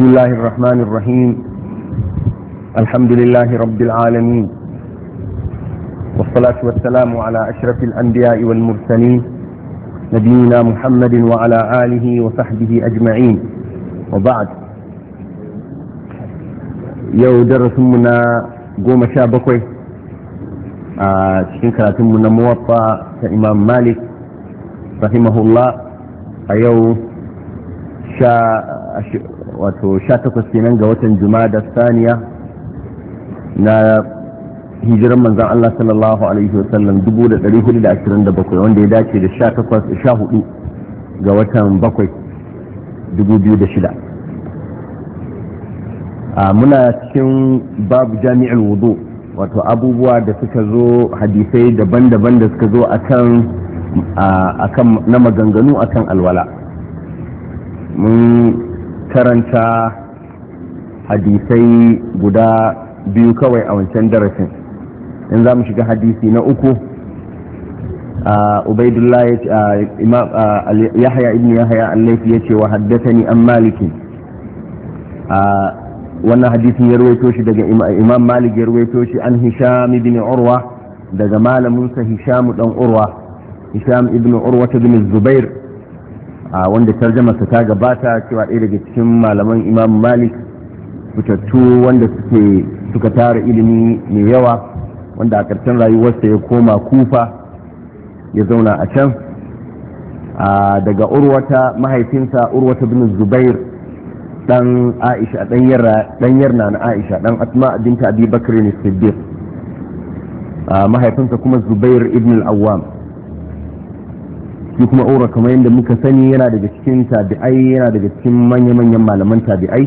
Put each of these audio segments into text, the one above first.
بسم الله الرحمن الرحيم الحمد لله رب العالمين والصلاة والسلام على أشرف الأنبياء والمرسلين نبينا محمد وعلى آله وصحبه أجمعين وبعد يو درس منا قوم شابكوي cikin karatunmu na muwaffa مالك رحمه الله rahimahullah a wato 18 kenan ga watan da saniya na hijiran manzan Allah sallallahu alaihi wa wasallam 1427 wanda ya dace da 14 ga watan 7 2006 a muna cikin babu jami'ar wudu wato abubuwa da suka zo hadisai daban-daban da suka zo akan na maganganu a kan alwala karanta hadisai guda biyu kawai a wancan darasin in za mu shiga hadisi na uku ubaidullah yahya ibn haya allafi ya ce wa ni an maliki wannan hadisin ya ruwaito shi daga imam malik ya ruwaito shi an hisham ibn urwa daga malaminsa hisham dan urwa hisham ibn urwa ta bin zubair wanda tarjamarsa ta gabata cewa ɗaya daga cikin malaman imam malik fitattu wanda suke suka tara ilimi mai yawa wanda a ƙarshen rayuwarsa ya koma kufa ya zauna a can daga urwata mahaifinsa urwata bin zubair dan aisha dan yarna na aisha dan asma binta abi bakr ne siddiq mahaifinsa kuma zubair ibn al-awwam shi kuma aura kamar yadda muka sani yana daga cikin tabi'ai yana daga cikin manya-manyan malaman tabi'ai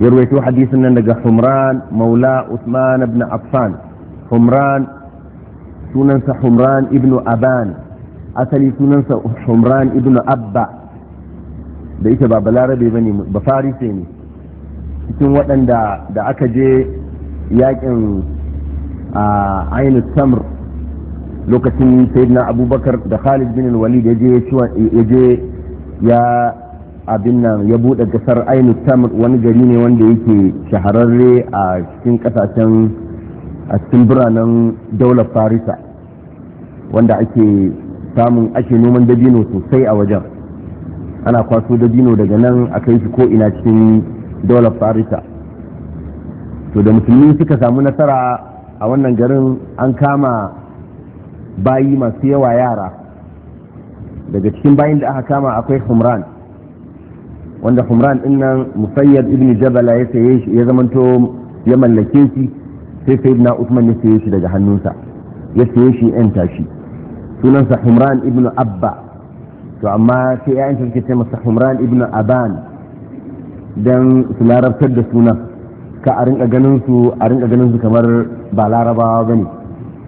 ya rawaito hadisin nan daga humran maula usman ibn affan humran sunansa humran ibn aban asali sunansa humran ibn abba da ita ba balarabe ba ne ba farise ne cikin waɗanda da aka je yaƙin a ainihin lokacin sayyidina abubakar da khalid bin walid ya je ya je ya abin nan ya bude kasar ainu tamar wani gari ne wanda yake shahararre a cikin kasashen a cikin biranen daular farisa wanda ake samun ake noman dabino sosai a wajen ana kwaso dabino daga nan a kai shi ko ina cikin daular farisa to da musulmi suka samu nasara a wannan garin an kama bayi masu yawa yara daga cikin bayin da aka kama akwai humran wanda humran din nan musayyad ibn jabala ya saye shi ya zamanto ya mallake shi sai sayyidina usman ya saye shi daga hannunsa ya saye shi yan tashi sunansa humran ibn abba to amma sai ya yanta suke ce masa humran ibn aban dan su larabtar da suna ka a rinka ganin su a rinka ganin su kamar ba larabawa bane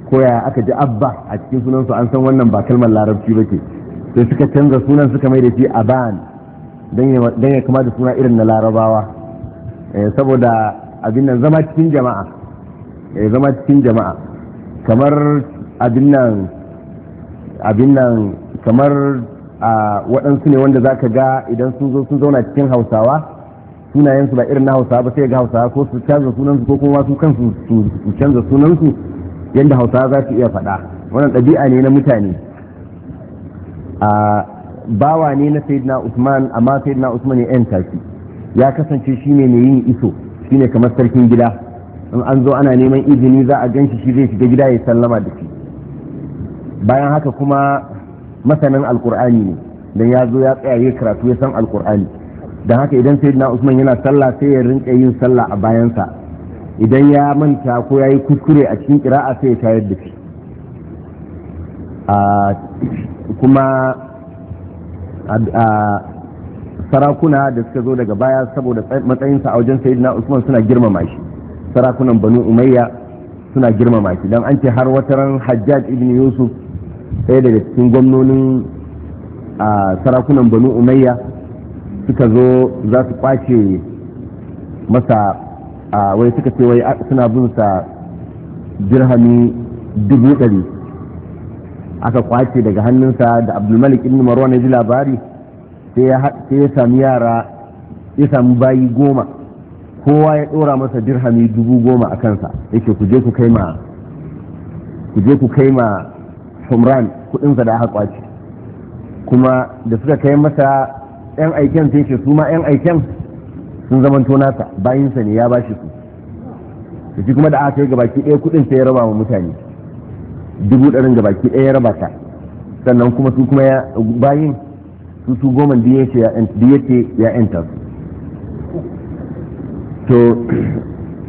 ko aka ji abba a cikin sunansu an san wannan ba kalmar larabci ba ke sai suka canza sunan suka mai da shi aban don ya kama da suna irin na larabawa eh, saboda abin nan zama cikin jama'a eh, zama cikin jama'a kamar abin nan abin nan kamar a waɗansu ne wanda za ka ga idan sun zo sun zauna cikin hausawa sunayensu ba irin na hausawa ba sai ga hausawa ko su canza sunansu ko kuma su kansu su canza sunansu yadda hausa za su iya faɗa wannan ɗabi'a ne na mutane a bawa ne na sayyidina usman amma sayyidina usman ya yanta shi ya kasance shi ne mai yin iso shi ne kamar sarkin gida in an zo ana neman izini za a ganshi shi zai shiga gida ya sallama da shi bayan haka kuma masanin alkur'ani ne dan ya zo ya tsaya ya karatu ya san alkur'ani don haka idan sayyidina usman yana sallah sai ya rinka yin sallah a bayansa idan ya manta ko ya yi kuskure a cikin kira'a sai ya tayar da shi kuma sarakuna da suka zo daga baya saboda matsayinsa a wajen sayidina usman suna girmama shi sarakunan banu umayya suna girmama shi don an ce har ran hajjaj ibn yusuf ɗaya daga cikin gwamnonin sarakunan banu umayya suka zo za su kwace masa a wai suka ce wai suna bin sa dirhami dubu ɗari aka kwace daga hannunsa da abdulmalik ibn marwan ya ji labari sai ya sami yara ya sami bayi goma kowa ya ɗora masa dirhami dubu goma a kansa yake ku je ku kai ma ku je ku kai ma humran kuɗinsa da aka kwace kuma da suka kai masa yan aiken sai ke su ma yan aiken sun zamanto nasa bayinsa ne ya bashi su to shi kuma da aka yi gabaki ɗaya kuɗin sai ya raba wa mutane dubu ɗarin gabaki ɗaya ya raba ta sannan kuma su kuma ya bayin su su goma da ya enta su to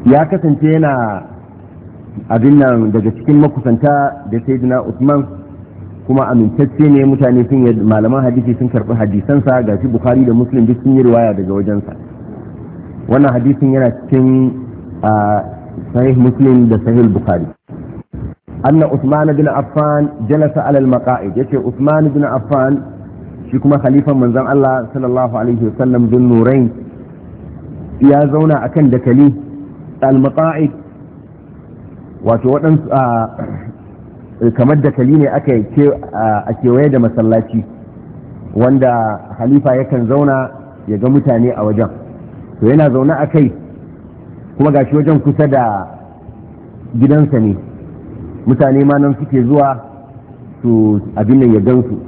ya kasance yana abin nan daga cikin makusanta da sayyidina Usman kuma amintacce ne mutane sun yi malaman hadisi sun karɓi hadisansa ga shi Bukhari da Muslim duk sun yi riwaya daga wajensa wannan hadisin yana cikin sahih muslim da sahih bukhari anna usman bin affan jalasa ala al-maqa'id yace usman bin affan shi kuma khalifan manzon Allah sallallahu alaihi wasallam bin nurain ya zauna akan dakali al-maqa'id wato waɗansu kamar dakali ne aka a kewaye da masallaci wanda halifa yakan zauna ya ga mutane a wajen to yana zaune a kai kuma gashi wajen kusa da gidansa ne mutane ma nan suke zuwa su abin nan ya gansu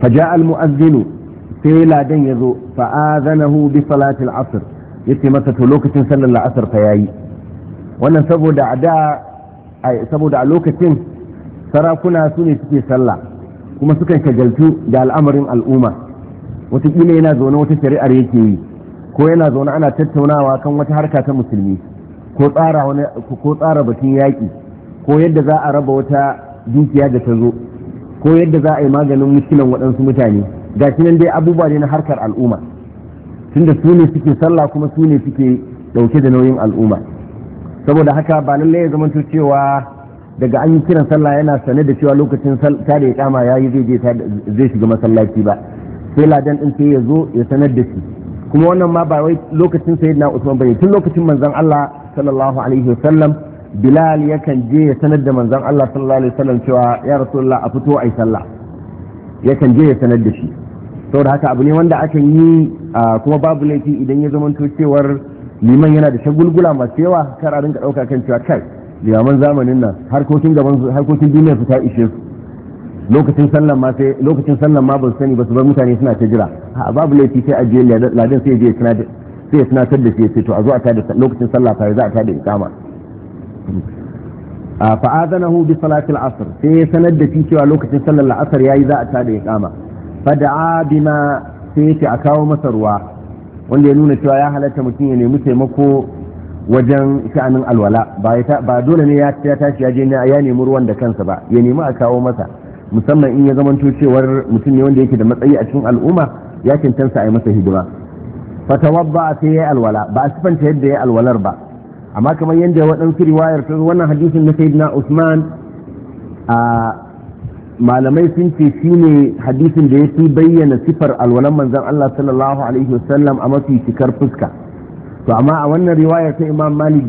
faja al-mu'azzinu sai ladan ya zo fa'azanahu bi salatil asr yace masa to lokacin sallar la'asar fa yayi wannan saboda a da saboda a lokacin sarakuna su ne suke sallah kuma sukan shagaltu da al'amarin al'umma wataƙila yana zaune wata shari'ar yake yi ko yana zaune ana tattaunawa kan wata harka ta musulmi ko tsara wani ko tsara batun yaƙi ko yadda za a raba wata dukiya da ta zo ko yadda za a yi maganin muskilan waɗansu mutane ga shi nan dai abubuwa ne na harkar al'umma tunda su ne suke sallah kuma su ne suke ɗauke da nauyin al'umma saboda haka ba lallai ya zamanto cewa daga an yi kiran sallah yana sane da cewa lokacin tare ya kama yayi zai zai shiga masallaci ba sai ladan din sai ya zo ya sanar da shi kuma wannan ma ba wai lokacin sayyidina Usman bane tun lokacin manzon Allah sallallahu alaihi wasallam Bilal yakan je ya sanar da manzon Allah sallallahu alaihi wasallam cewa ya Rasulullah a fito ai sallah yakan je ya sanar da shi saboda haka abu ne wanda akan yi kuma babu laifi idan ya zamanto cewar liman yana da shagulgula masu yawa kar a rinka ɗauka kan cewa kai limaman zamanin nan harkokin gaban harkokin duniya su ta ishe su lokacin sallan ma sai lokacin sallan ma ban sani ba su bar mutane suna ta jira a babu laifi sai a jiya ladan sai je suna sai suna tar da sai to a zo a tada lokacin sallah fa za a tada ikama a azanahu bi salatil asr sai ya sanar da shi cewa lokacin sallar la'asar yayi za a tada fa da'a bima sai yake a kawo masa ruwa wanda ya nuna cewa ya halatta mutum ya nemi taimako wajen sha'anin alwala ba dole ne ya tashi ya je ya nemi ruwan da kansa ba ya nemi a kawo masa musamman in ya zamanto cewar mutum ne wanda yake da matsayi a cikin al'umma ya tansa a yi masa hidima fatawabba sai ya yi alwala ba a sifanta yadda ya yi alwalar ba amma kamar yadda waɗansu riwayar ta wannan hadisin na sayyidina usman a malamai sun ce shi ne hadisin da ya fi bayyana sifar alwalan manzan Allah sallallahu alaihi wasallam a mafi cikar fuska to amma a wannan riwayar ta imam malik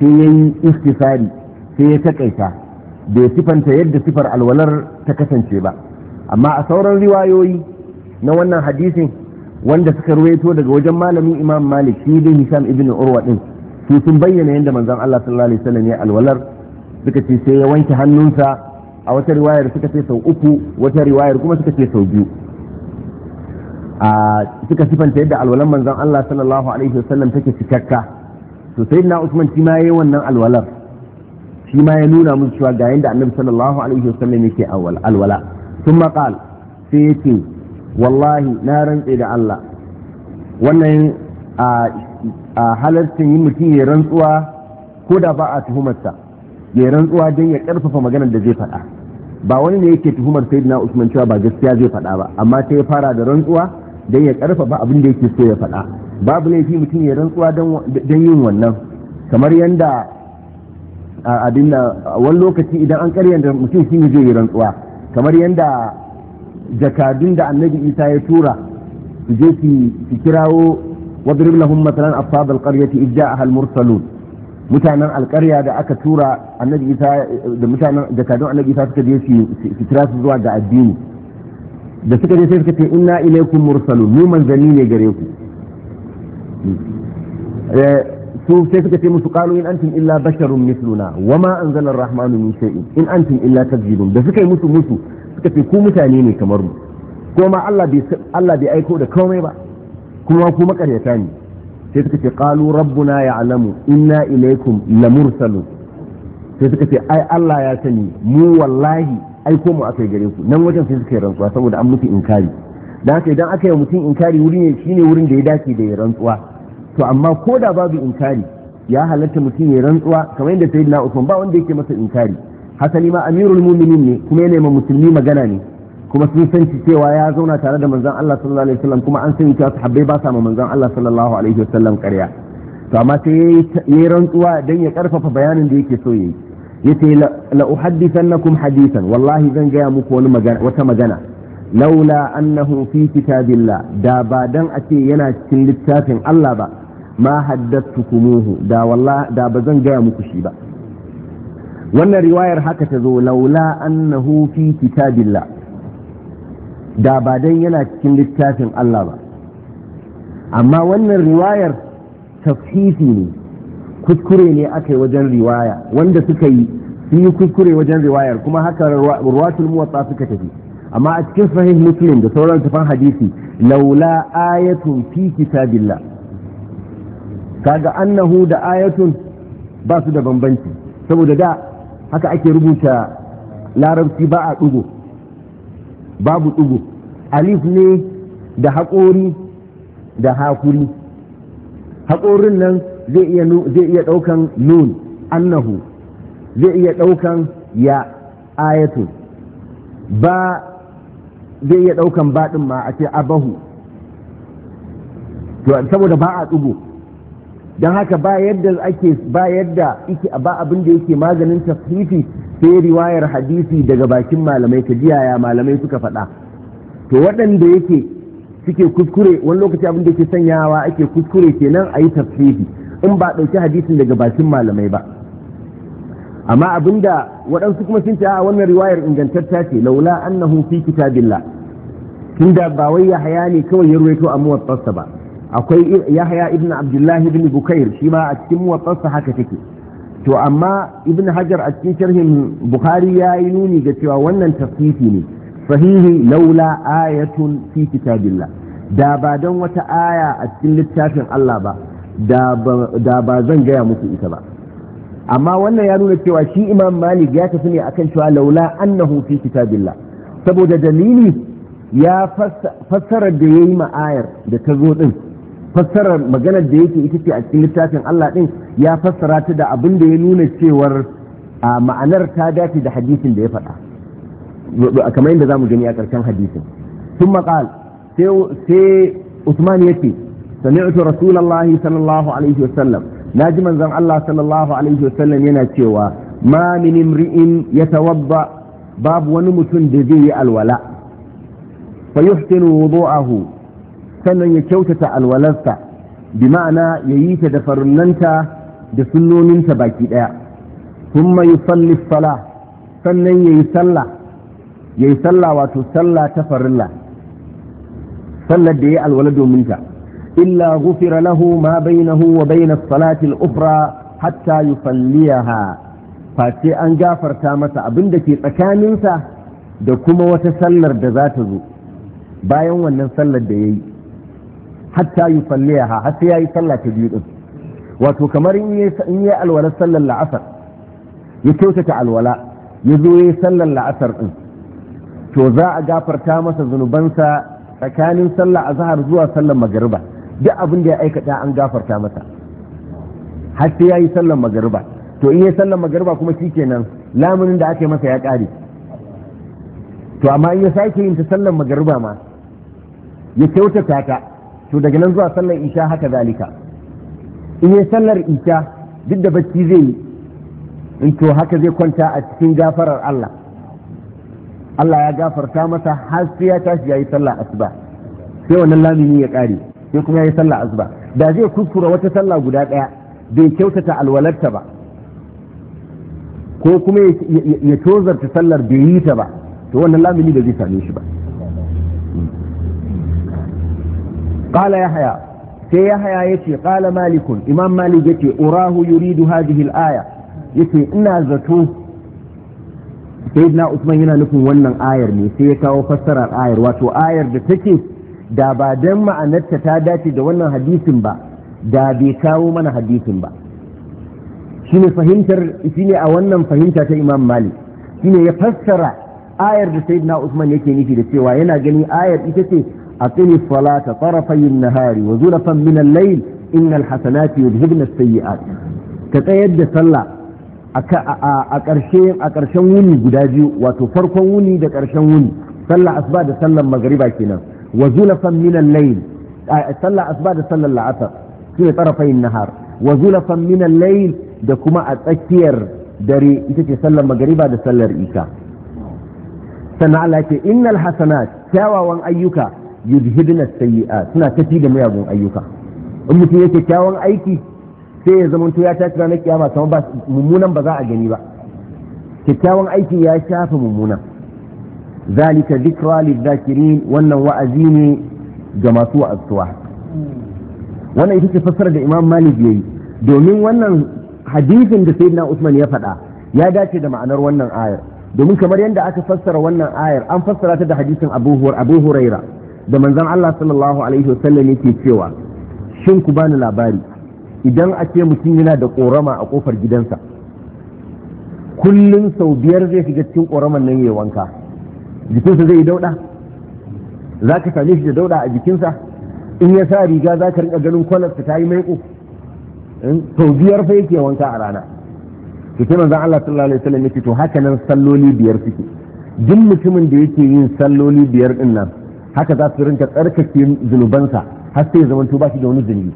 sai ya yi istisari sai ya taƙaita bai sifanta yadda sifar alwalar ta kasance ba amma a sauran riwayoyi na wannan hadisin wanda suka ruwaito daga wajen malamin imam malik shi dai hisham ibn urwa din su sun bayyana yadda manzon Allah sallallahu alaihi wasallam ya alwalar suka ce sai ya wanke hannunsa a wata riwayar suka ce sau uku wata riwayar kuma suka ce sau biyu a suka sifanta yadda alwalar manzon Allah sallallahu alaihi wasallam take cikakka to sayyidina Usman shi ma yayi wannan alwalar shi ma ya nuna musu cewa ga yanda annabi sallallahu alaihi wasallam yake awwal alwala Sun qal sai ce wallahi na rantse da Allah wannan a halartin yin mutum ya rantsuwa ko da ba a tuhumarsa ya rantsuwa don ya karfafa maganar da zai faɗa ba wani ne yake tuhumar na usman cewa ba gaskiya zai faɗa ba amma sai ya fara da rantsuwa don ya karfafa abin da yake so ya faɗa babu laifi mutum ya rantsuwa don yin wannan kamar yadda abin wani lokaci idan an karyanta mutum shi ne zai yi rantsuwa kamar yadda jakadun da annabi isa ya tura su je su kirawo wadrib lahum masalan ashab alqaryati idh ja'aha almursalun mutanen alƙarya da aka tura annabi isa da mutanen jakadun annabi isa suka je su kira su zuwa ga addini da suka je sai suka ce inna ilaykum mursalun mu manzanni ne gare ku eh, su sai suka ce musu qalu in antum illa basharun misluna wama anzala ar-rahmanu min shay'in in antum illa takzibun da suka yi musu musu suka ce ku mutane ne kamar mu ko ma Allah bai Allah bai aiko da komai ba kuma ku makaryata ne sai suka ce qalu rabbuna ya'lamu inna ilaykum lamursalun sai suka ce ai Allah ya sani mu wallahi aiko mu akai gare ku nan wajen sai suka yi rantsuwa saboda an mutu inkari dan haka idan aka yi mutum inkari wuri ne shine wurin da ya dace da ya rantsuwa to amma ko da babu inkari ya halatta mutum ya rantsuwa kamar yadda sayyidina Usman ba wanda yake masa inkari hasali ma amirul mu'minin ne kuma yana ma musulmi magana ne kuma sun san cewa ya zauna tare da manzon Allah sallallahu alaihi wasallam kuma an sani cewa sahabbai ba sa ma manzon Allah sallallahu alaihi wasallam ƙarya to amma sai yayi rantsuwa dan ya karfafa bayanin da yake so yayi yace la uhaddithannakum hadithan wallahi zan gaya muku wani magana wata magana laula annahu fi kitabillah da ba dan a ce yana cikin littafin Allah ba ma haddattukumuhu da ba zan gaya muku shi ba wannan riwayar haka ta zo laula annahu fi kitabillah da ba dan yana cikin littafin Allah ba amma wannan riwayar tafhifi ne kuskure ne aka wajen riwaya wanda suka yi sun yi kuskure wajen riwayar kuma haka ruwatul muwatta suka tafi amma a cikin sahih muslim da sauran tafan hadisi laula ayatun fi kitabillah kaga annahu da ayatun ba su da bambanci saboda da haka ake rubuta larabci ba a dugo babu dugo alif ne da haƙori da hakuri haƙorin nan zai iya ɗaukan nun annahu zai iya ɗaukan ya ayatun ba zai iya ɗaukan baɗin ma a ce abahu saboda ba a tsugo don haka ba yadda ake ba yadda ba abin yake maganin tafhifi sai riwayar hadisi daga bakin malamai ka jiyaya malamai suka faɗa to waɗanda yake suke kuskure wani lokaci abin da yake sanyawa ake kuskure kenan a yi tafhifi in ba ɗauki hadisin daga bakin malamai ba amma abinda waɗansu kuma sun a wannan riwayar ingantatta ce laula annahu fi kitabillah tunda ba wai yahaya ne kawai ya ruwaito a muwattasa ba akwai yahaya ibn abdullahi ibn bukair shi ma a cikin muwattasa haka take to amma ibn hajar a cikin sharhin bukhari ya yi nuni ga cewa wannan tafsiri ne sahihi laula ayatun fi kitabillah da ba don wata aya a cikin littafin Allah ba da ba zan gaya muku ita ba amma wannan ya nuna cewa shi imam malik ya tafi ne akan cewa laula annahu fi kitabillah saboda dalili ya fassara da yayi ma'ayar da ta zo din fassara maganar da yake ita ce a cikin littafin Allah din ya fassara ta da abin da ya nuna cewar ma'anar ta dace da hadisin da ya faɗa kamar yadda zamu gani a ƙarshen hadisin ثم قال سي عثمان يتي سمعت رسول الله صلى الله عليه وسلم na ji manzon Allah sallallahu alaihi wasallam yana cewa ma min imri'in yatawadda babu wani mutum da zai yi alwala fa yuhsinu wudu'ahu sannan ya kyautata alwalarsa bi ma'ana ya yi ta da farunnanta da sunnoninta baki daya thumma yusalli salah sannan ya yi sallah ya yi sallah wato sallah ta farilla sallar da ya yi alwala domin ta إلا غفر له ما بينه وبين الصلاة الأخرى حتى يصليها فاتي أن جافر تامسا أبندك تكامنسا دكما وتسلر دذاته بايون ونسلر ديي حتى يصليها حتى يصلى تجيئه wato kamar in yi alwala sallar la'asar ya kyautata alwala ya zo ya yi sallar la'asar ɗin to za a gafarta masa zunubansa tsakanin sallar azahar zuwa sallar magariba duk abin da ya aikata an gafarta masa har sai yayi sallar magariba to in yayi sallar magariba kuma shikenan lamunin da aka yi masa ya kare to amma in ya sake yin ta sallar magariba ma ya kyautata ta to daga nan zuwa sallar isha haka zalika in yayi sallar isha duk da bacci zai yi in to haka zai kwanta a cikin gafarar Allah Allah ya gafarta masa har sai ya tashi yayi sallar asuba sai wannan lamini ya kare sai kuma yayi sallah zuba da zai kuskura wata sallah guda ɗaya bai kyautata alwalarta ba ko kuma ya tozarta sallar bai yi ta ba to wannan lamini da zai same shi ba قال يحيى سي يحيى malikun قال malik امام مالك يتي اراه يريد هذه الايه يتي ان زتو سيدنا عثمان yana nufin wannan ayar ne sai ya kawo fassarar ayar wato ayar da take da ba don ma'anarta ta dace da wannan hadisin ba da bai kawo mana hadisin ba shine fahimtar ne a wannan fahimta ta imam malik shine ya fassara ayar da sayyidina usman yake nufi da cewa yana ganin ayar ita ce a salata tarafay an-nahari wa zulfan min al innal hasanati yudhibna as-sayyi'at ka tsayar da sallah a ƙarshe a ƙarshen wuni guda biyu wato farkon wuni da ƙarshen wuni sallah asuba da sallar magariba kenan wa zulafan min al-layl sallar asuba da sallar la'asar su ne tsarafayin nahar wa zulafan min al da kuma a tsakiyar dare ita ce sallar magariba da sallar isha sannan Allah innal hasanat kyawawan ayyuka yuzhibna sayyi'at suna tafi da miyagun ayyuka in mutum yake kyawawan aiki sai ya zama ya ta tashi ranar kiyama kamar mummunan ba za a gani ba kyakkyawan aiki ya shafa mummuna. zalika dhikra lidh-dhakirin wannan wa'azi ne ga masu wa'azuwa wannan ita ce fassara da Imam Malik yayi domin wannan hadisin da Sayyidina Usman ya faɗa ya dace da ma'anar wannan ayar domin kamar yadda aka fassara wannan ayar an fasara ta da hadisin Abu Huraira da manzon Allah sallallahu alaihi wasallam yake cewa shin ku bani labari idan a mutum yana da korama a kofar gidansa kullum sau biyar zai shiga cikin koraman nan ya wanka jikinsa zai yi dauɗa za ka same shi da dauɗa a jikinsa in ya sa riga za ka rinka ganin kwalarsa ta yi maiko sau hmm? biyar fa yake wanka a rana to sai manzon Allah sallallahu alaihi wasallam yake to haka nan salloli biyar suke duk mutumin da yake yin salloli biyar din nan haka za su rinka tsarkake zunubansa har sai zaman to ba shi da wani zunubi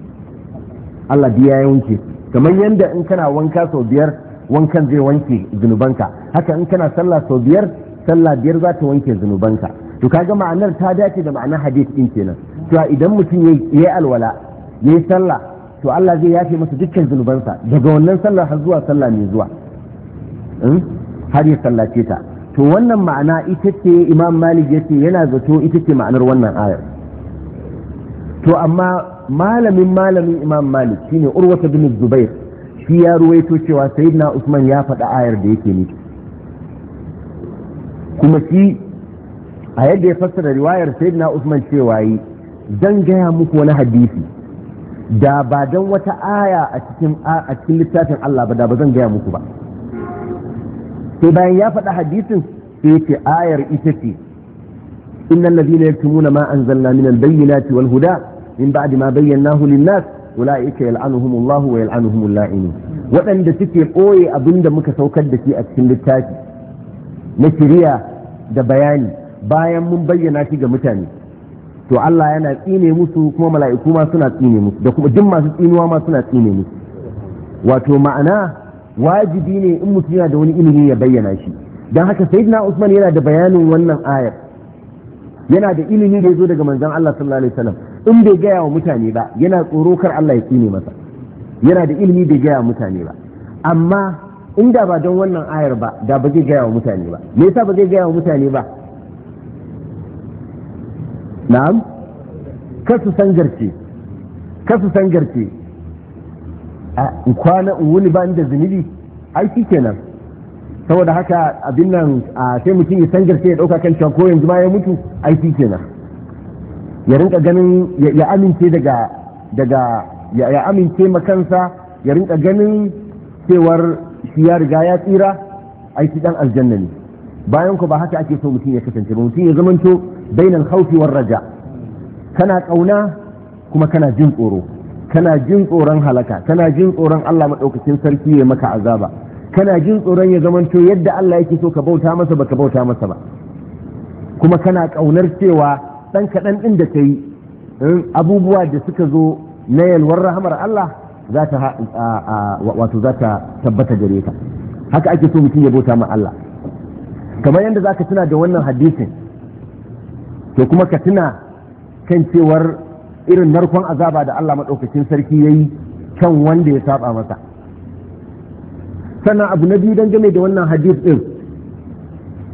Allah biya ya wanke kamar yanda in kana wanka sau biyar wankan zai wanke zunubanka haka in kana sallah sau biyar sallah biyar za ta wanke zunubanka to kaga ma'anar ta dace da ma'anar hadith din kenan to idan mutum yayi alwala yayi sallah to Allah zai yafe masa dukkan zunubansa daga wannan sallar har zuwa sallah mai zuwa hmm? har ya sallace ta to wannan ma'ana ita ce Imam Malik yace yana zato ita ce ma'anar wannan ayar to amma malamin malamin Imam Malik shine Urwata bin Zubair shi ya ruwaito cewa Sayyidina Usman ya faɗa ayar da yake nufi kuma shi a yadda ya fassara riwayar sayyidina usman cewa yi zan gaya muku wani hadisi da ba don wata aya a cikin littafin Allah ba da ba zan gaya muku ba sai bayan ya faɗa hadisin sai ce ayar ita ce innal ladina yaktumuna ma anzalna min al-bayyinati wal huda min ba'di ma bayyanahu lin-nas ulaika yal'anuhumullahu wa yal'anuhumul la'inun waɗanda suke ɓoye abinda muka saukar da shi a cikin littafi na shirya da bayani bayan mun bayyana shi ga mutane to Allah yana tsine musu kuma mala'iku ma suna tsine musu da kuma jin masu tsinuwa ma suna tsine musu wato ma'ana wajibi ne in mutum yana da wani ilimi ya bayyana shi don haka sayyidina Usman yana da bayanin wannan ayar yana da ilimi da ya daga manzon Allah sallallahu alaihi wasallam in bai gaya wa mutane ba yana tsoro kar Allah ya tsine masa yana da ilimi bai gaya wa mutane ba amma inda ba don wannan ayar ba da ba zai gaya wa mutane ba me yasa ba zai gaya wa mutane ba na'am Ka su sangarce Ka su sangarce a kwana wuni ba inda zunubi ai shi kenan saboda haka abin nan sai mutum ya san sangarce ya dauka kan ko yanzu ma ya mutu ai shi kenan ya rinka ganin ya amince daga daga ya amince makansa ya rinka ganin cewar shi ya riga ya tsira ai shi dan aljanna ne bayan ku ba haka ake so mutum ya kasance ba mutum ya zamanto bainal khawfi war raja kana kauna kuma kana jin tsoro kana jin tsoron halaka kana jin tsoron Allah madaukakin sarki ya maka azaba kana jin tsoron ya zamanto yadda Allah yake so ka bauta masa baka bauta masa ba kuma kana kaunar cewa dan kadan din da kai eh, abubuwa da suka zo na yalwar rahamar Allah za ta wato za ta tabbata gare ka haka ake so mutum ya bauta ma Allah kamar yadda za ka tuna da wannan hadisin to kuma ka tuna kan cewar irin narkon azaba da Allah maɗaukacin sarki ya yi kan wanda ya saba masa sannan abu na biyu don game da wannan hadis ɗin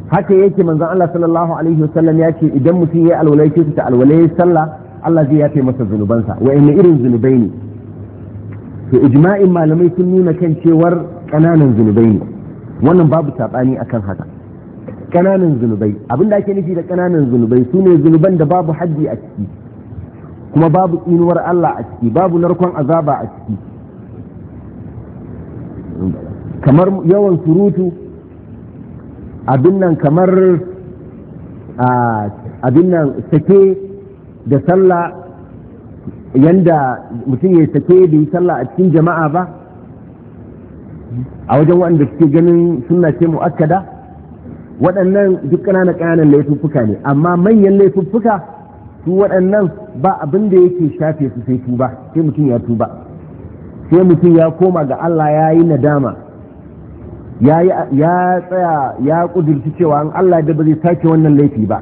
haka yake manzon Allah sallallahu alaihi wasallam ya ce idan mutum ya yi ya ta alwala ya sallah Allah zai yafe masa zunubansa wa'anne irin zunubai ne to ijma'in malamai sun nuna kan cewar ƙananan zunubai ne wannan babu saɓani akan haka ƙananan zunubai abin da ake nufi da ƙananan zunubai su ne zunuban da babu haddi a ciki kuma babu tsinuwar Allah a ciki babu narkon azaba a ciki kamar yawan surutu abin nan kamar abin nan sake da sallah yanda mutum ya sake da yi sallah a cikin jama'a ba a wajen waɗanda suke ganin suna ce mu'akkada waɗannan duk ƙananan ƙananan laifuffuka ne amma manyan laifuffuka su waɗannan ba abin da yake shafe su sai tuba sai mutum ya tuba sai mutum ya koma ga Allah ya yi nadama ya tsaya ya ƙudurci cewa an Allah da ba zai sake wannan laifi ba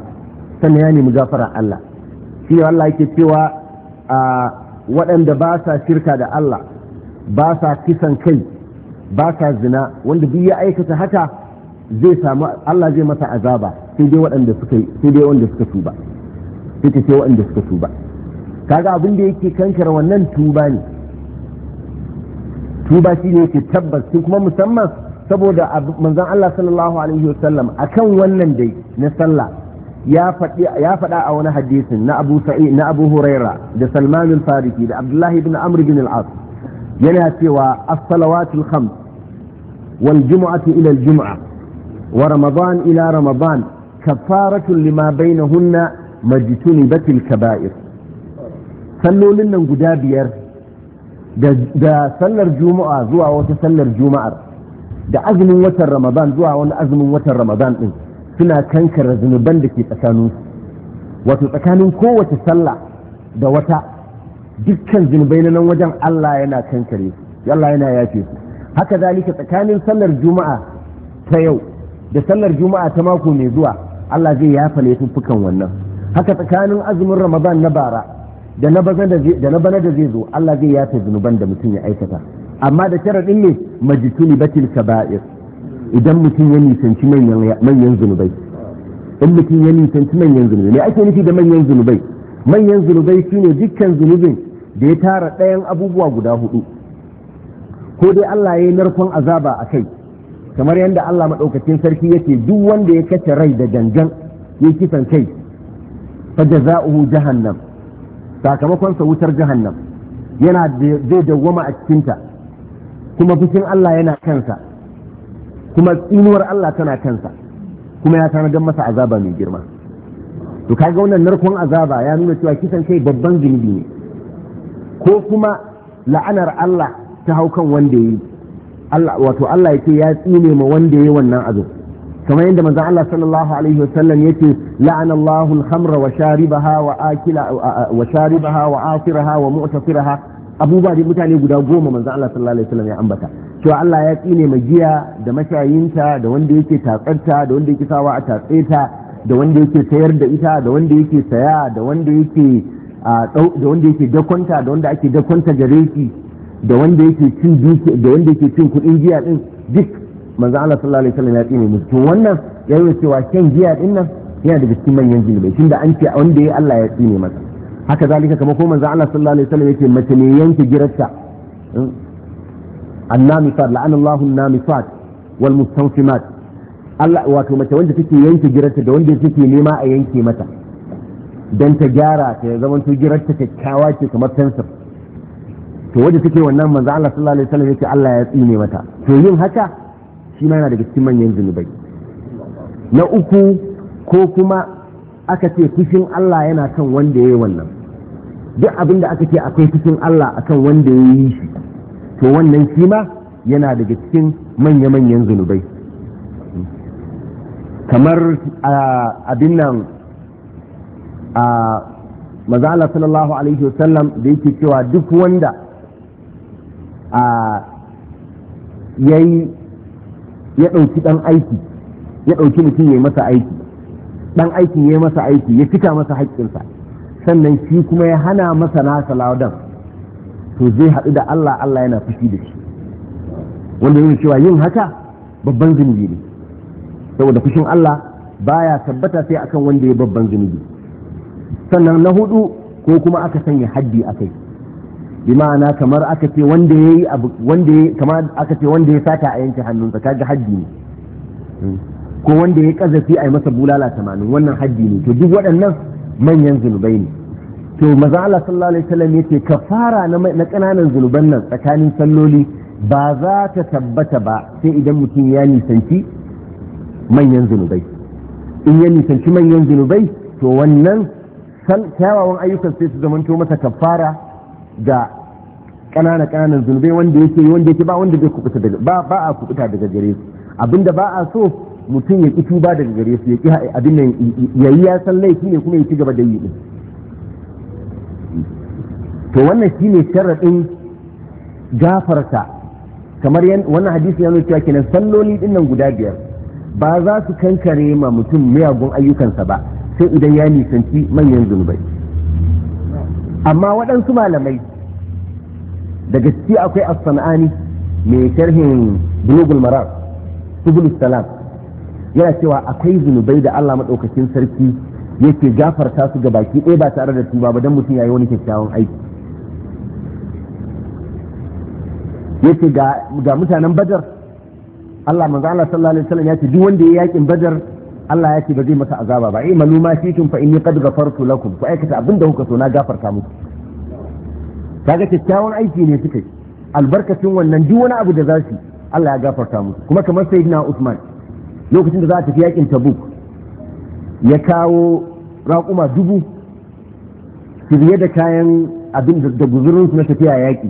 sannan ya nemi gafara Allah shi ne Allah yake cewa A waɗanda ba sa shirka da Allah ba sa kisan kai ba sa zina wanda duk ya aikata haka zai samu Allah zai masa azaba sai dai waɗanda suka sai dai wanda suka tuba sai ce waɗanda suka tuba kaga abin da yake kankara wannan tuba ne tuba shi ne yake tabbas kuma musamman saboda manzon Allah sallallahu alaihi wasallam akan wannan dai na sallah ya faɗa a wani hadisin na abu sa'i na abu huraira da salman fariki da abdullahi ibn amr bin al-as yana cewa as-salawat al-khams wal jumu'atu ila al wa ramadan ila ramadan kafaratun lima bainahunna majtunibat al-kaba'ir sallolin nan guda biyar da sallar juma'a zuwa wata sallar juma'ar da azumin watan ramadan zuwa wani azumin watan ramadan din suna kankara zunuban da ke tsakaninsu wato tsakanin kowace sallah da wata dukkan zunubai na nan wajen Allah yana kankare su Allah yana yafe su haka zalika tsakanin sallar juma'a ta yau da sallar juma'a ta mako mai zuwa Allah zai yafa laifuffukan wannan haka tsakanin azumin ramadan na bara da na bana da zai zo Allah zai yafe zunuban da mutum ya aikata amma da sharaɗin ne majituni batil kaba'ir idan mutum ya nisanci manyan zunubai in mutum ya nisanci manyan zunubai me ake nufi da manyan zunubai manyan zunubai shine dukkan zunubin da ya tara ɗayan abubuwa guda hudu ko dai Allah ya yi narkon azaba a kai kamar yadda Allah maɗaukacin sarki yake duk wanda ya kace rai da gangan ya kisan kai fa jaza'uhu jahannam sakamakon sa wutar jahannam yana zai dawwama a cikinta kuma bikin Allah yana kansa kuma tsinuwar Allah tana kansa kuma ya tanadan masa azaba mai girma to kaga wannan narkon azaba ya nuna cewa kisan kai babban zunubi ne ko kuma la'anar Allah ta hau kan wanda yi Allah wato Allah yake ya tsine ma wanda yi wannan abu kamar yadda manzon Allah sallallahu alaihi wasallam yake la'ana Allahu al-khamra wa sharibaha wa akila wa sharibaha wa asiraha wa mu'tasiraha abubuwa da mutane guda goma manzon Allah sallallahu alaihi wasallam ya ambata cewa Allah ya tsine mai giya da mashayinta da wanda yake tatsarta da wanda yake sawa a tatse ta da wanda yake sayar da ita da wanda yake saya da wanda yake da wanda yake dakonta da wanda ake dakonta gare shi da wanda yake cin duki da wanda yake cin kuɗin giya din duk manzo Allah sallallahu alaihi wasallam ya tsine mu to wannan yayi cewa kan giya din nan yana daga cikin manyan zunubai tunda an ce wanda yayi Allah ya tsine masa haka zalika kamar ko manzo Allah sallallahu alaihi wasallam yake mace ne yanke girarta hmm? annamifat la'an Allahu annamifat wal mustanfimat Allah wato mace wanda take yanke girarta da wanda take nema a yanke mata dan ta gyara ta zamanto girarta kyakkyawa ce kamar fensir to wanda take wannan manzo Allah sallallahu alaihi wasallam yake Allah ya tsine mata to yin haka shi ma yana daga cikin manyan zunubai na uku ko kuma aka ce fushin Allah yana kan wanda yayi wannan duk abinda aka ce akwai fushin Allah akan wanda yayi shi to wannan shi ma yana daga cikin manya-manyan zunubai kamar abin nan a maza'ala sallallahu alaihi wasallam da yake cewa duk wanda a yi ya ɗauki ɗan aiki ya ɗauki mutum ya yi masa aiki ɗan aikin ya yi masa aiki ya fita masa haƙƙinsa sannan shi kuma ya hana masa nasa laudan to zai haɗu da Allah Allah yana fushi da shi wanda yana cewa yin haka babban zunubi ne saboda fushin Allah baya tabbata sai akan wanda ya babban zunubi sannan na hudu ko kuma aka sanya haddi akai bi ma'ana kamar aka ce wanda ya abu wanda ya kamar aka ce wanda ya sata a yanke hannunsa kaga haddi ne ko wanda ya kazafi a yi masa bulala tamanin wannan haddi ne to duk waɗannan manyan zunubai ne to maza Allah sallallahu alaihi wasallam yace kafara na na kananan zulban nan tsakanin salloli ba za ta tabbata ba sai idan mutum ya nisanci manyan zunubai in ya nisanci manyan zunubai to wannan kyawawan ayyukan sai su zamanto masa kafara ga kanana kananan zunubai wanda yake wanda yake ba wanda bai kubuta daga ba ba a kubuta daga gare su abinda ba a so mutum ya ki tuba daga gare su ya ki abin nan yayi ya san laifi ne kuma ya ci gaba da yi to wannan shi ne sharaɗin gafarta kamar wannan hadisi ya cewa kenan salloli ɗin nan guda biyar ba za su kankare ma mutum miyagun ayyukansa ba sai idan ya nisanci manyan zunubai amma waɗansu malamai daga ciki akwai as-sana'ani mai sharhin global marar subul salam yana cewa akwai zunubai da Allah maɗaukakin sarki yake gafarta su ga baki ɗaya ba tare da tuba ba don mutum ya yi wani kyakkyawan aiki yake ga mutanen badar Allah manzo Allah sallallahu alaihi wasallam ya ce duk wanda ya yakin badar Allah ya ce ba zai masa azaba ba eh maluma shitum fa inni qad ghafartu lakum ku aikata abin da kuka so na gafarta muku kaga kyakkyawan aiki ne suka yi albarkacin wannan duk wani abu da za su Allah ya gafarta muku kuma kamar sayyidina Usman lokacin da za a tafi yakin Tabuk ya kawo raƙuma dubu shirye da kayan abin da su na tafiya yaƙi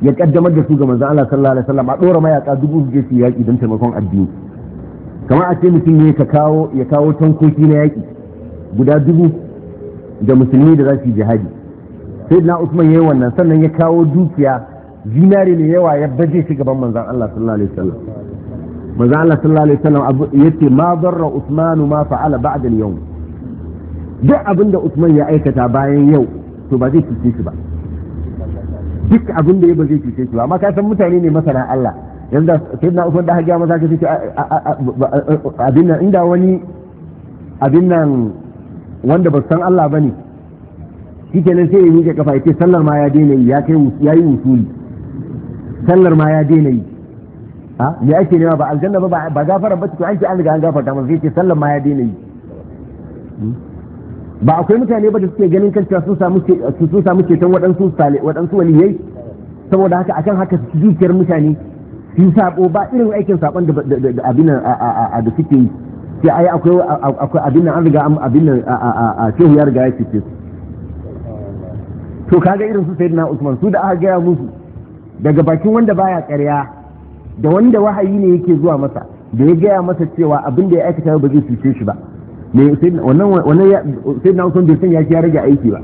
ya ƙaddamar da su ga manzan Allah sallallahu alaihi wasallam a ɗora mayaƙa dubu su je su yaƙi don taimakon addini kamar a ce mutum ne ka kawo ya kawo tankoki na yaƙi guda dubu da musulmi da za su yi jihadi sai na Usman ya yi wannan sannan ya kawo dukiya zinare ne yawa ya baje shi gaban manzan Allah sallallahu alaihi wasallam manzo Allah sallallahu alaihi wasallam yace ma darra Usman ma fa'ala ba'da al-yawm duk abinda Usman ya aikata bayan yau to ba zai cuce shi ba duk abin da ya ba zai cuce shi ba amma ka san mutane ne masana Allah yanzu sayyidina Usman da hajiya maza ka ce abin nan inda wani abin nan wanda ba san Allah bane shi nan sai ya miƙe kafa ya ce sallar ma ya daina yi ya kai ya yi wusuli sallar ma ya daina yi a me ake nema ba aljanna ba ba gafara ba to an ce an riga an gafarta masa sai ce sallan ma ya daina yi hmm? ba akwai mutane ba da suke ganin kan cewa sun samu sun samu ceton waɗansu sale wadansu waliyai saboda haka akan haka su zuciyar mutane su sabo ba irin aikin sabon da abin a da suke yi sai ai akwai akwai abin an riga abin a shehu ya riga ya ce. to kaga irin su sayyidina Usman su da aka gaya musu daga bakin wanda baya ƙarya da wanda wahayi ne yake zuwa masa da ya gaya masa cewa abin da ya aikata ba zai cuce shi ba me wannan sai na Usman bai san ya ya rage aiki ba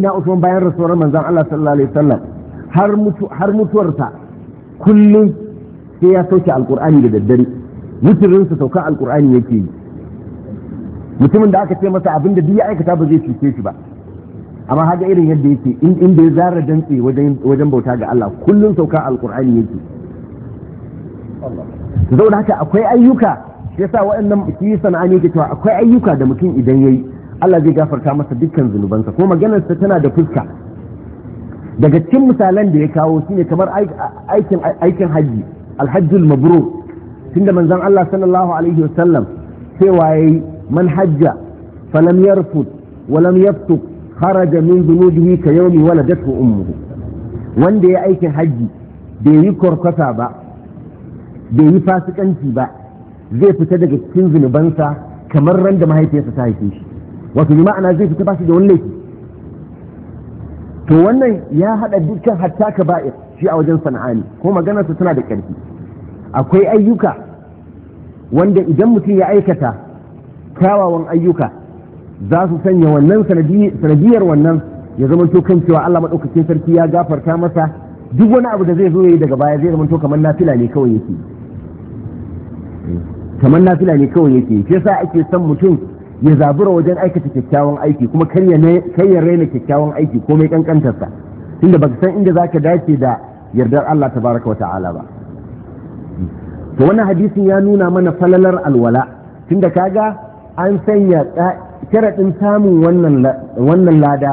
na Usman bayan rasuwar manzon Allah sallallahu alaihi wasallam har mutu har mutuwarsa kullum sai ya sauke alqur'ani da daddare Mutumin sa saukan alqur'ani yake yi mutumin da aka ce masa abin da duk ya aikata ba zai cuce shi ba amma haka irin yadda yake inda ya zara dantse wajen bauta ga Allah kullum saukan alqur'ani yake da haka akwai ayyuka sa waɗannan shi sana'ani ke cewa akwai ayyuka da mutum idan yayi Allah zai gafarta masa dukkan zunubansa Kuma maganarsa tana da fuska daga cikin misalan da ya kawo shine kamar aikin aikin haji alhajjul mabrur tunda manzon Allah sallallahu alaihi wasallam cewa yayi man hajja falam yarfut walam yaftuk kharaja min dhunubihi ka yawmi waladatu ummuhu wanda ya aikin haji bai yi kwarkwasa ba bai yi fasikanci ba zai fita daga cikin zunubansa kamar ran da mahaifiyarsa ta haife shi wato bi ma'ana zai fita ba shi da wani laifi to wannan ya haɗa dukkan hatta ka ba'ir shi a wajen sana'a ne, ko maganarsa tana da ƙarfi akwai ayyuka wanda idan mutum ya aikata kyawawan ayyuka za su sanya wannan sanadiyar wannan ya zama to kan cewa Allah maɗaukakin sarki ya gafarta masa duk wani abu da zai zo yayi daga baya zai zama to kamar nafila ne kawai yake yi kamar nafila ne kawai yake shi yasa ake son mutum ya zabura wajen aikata kyakkyawan aiki kuma kan ya raina kyakkyawan aiki komai kankantarsa tunda baka san inda zaka dace da yardar Allah tabaraka wata'ala ba to wannan hadisin ya nuna mana falalar alwala tunda kaga an sanya sharaɗin samun wannan lada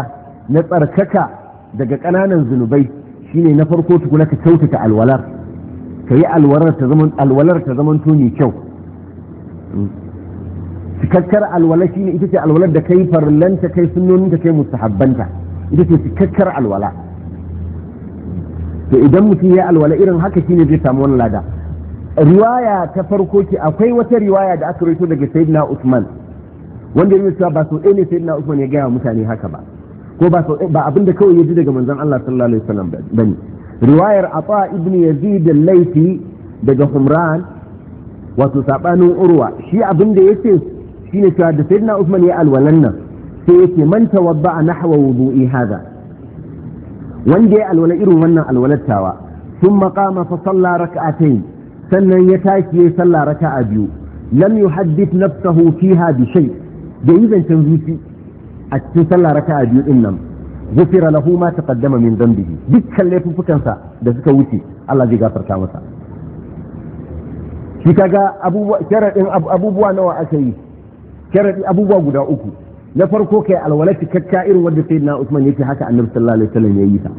na tsarkaka daga kananan zunubai shine na farko tukuna ka kyautata alwalar ka yi alwalar ta zaman alwalar ta zaman to kyau cikakkar alwala shine ita ce alwalar da kai farlanta kai sunnoninta kai mustahabbanta ita ce cikakkar alwala to idan mutum ya alwala irin haka shine zai samu wani lada riwaya ta farko ce akwai wata riwaya da aka rito daga sayyidina Usman wanda yake cewa ba so ɗaya ne sayyidina Usman ya gaya mutane haka ba ko ba so ba abinda kawai ya ji daga manzon Allah sallallahu alaihi wasallam bane riwayar ata ibn Yazid al-Laythi daga Humran wato sabanin urwa shi abinda da yace shine cewa da sayyidina Usman ya alwalan nan sai yake yace man tawadda nahwa wudu'i hada wanda ya alwala irin wannan alwalattawa thumma qama fa a rak'atayn sannan ya tashi ya salla raka'a biyu lam yuhaddith nafsahu fiha bi shay da yi zancen zuci a cikin sallah raka'a biyu din nan غفر له ما تقدم من ذنبه دكا لففكنسا da suka wuce Allah zai gafarta masa shi kaga abubuwa sharaɗin abubuwa nawa aka yi sharaɗi abubuwa guda uku na farko kai alwala kakka irin wanda na Usman yake haka annabi sallallahu alaihi wasallam yayi ta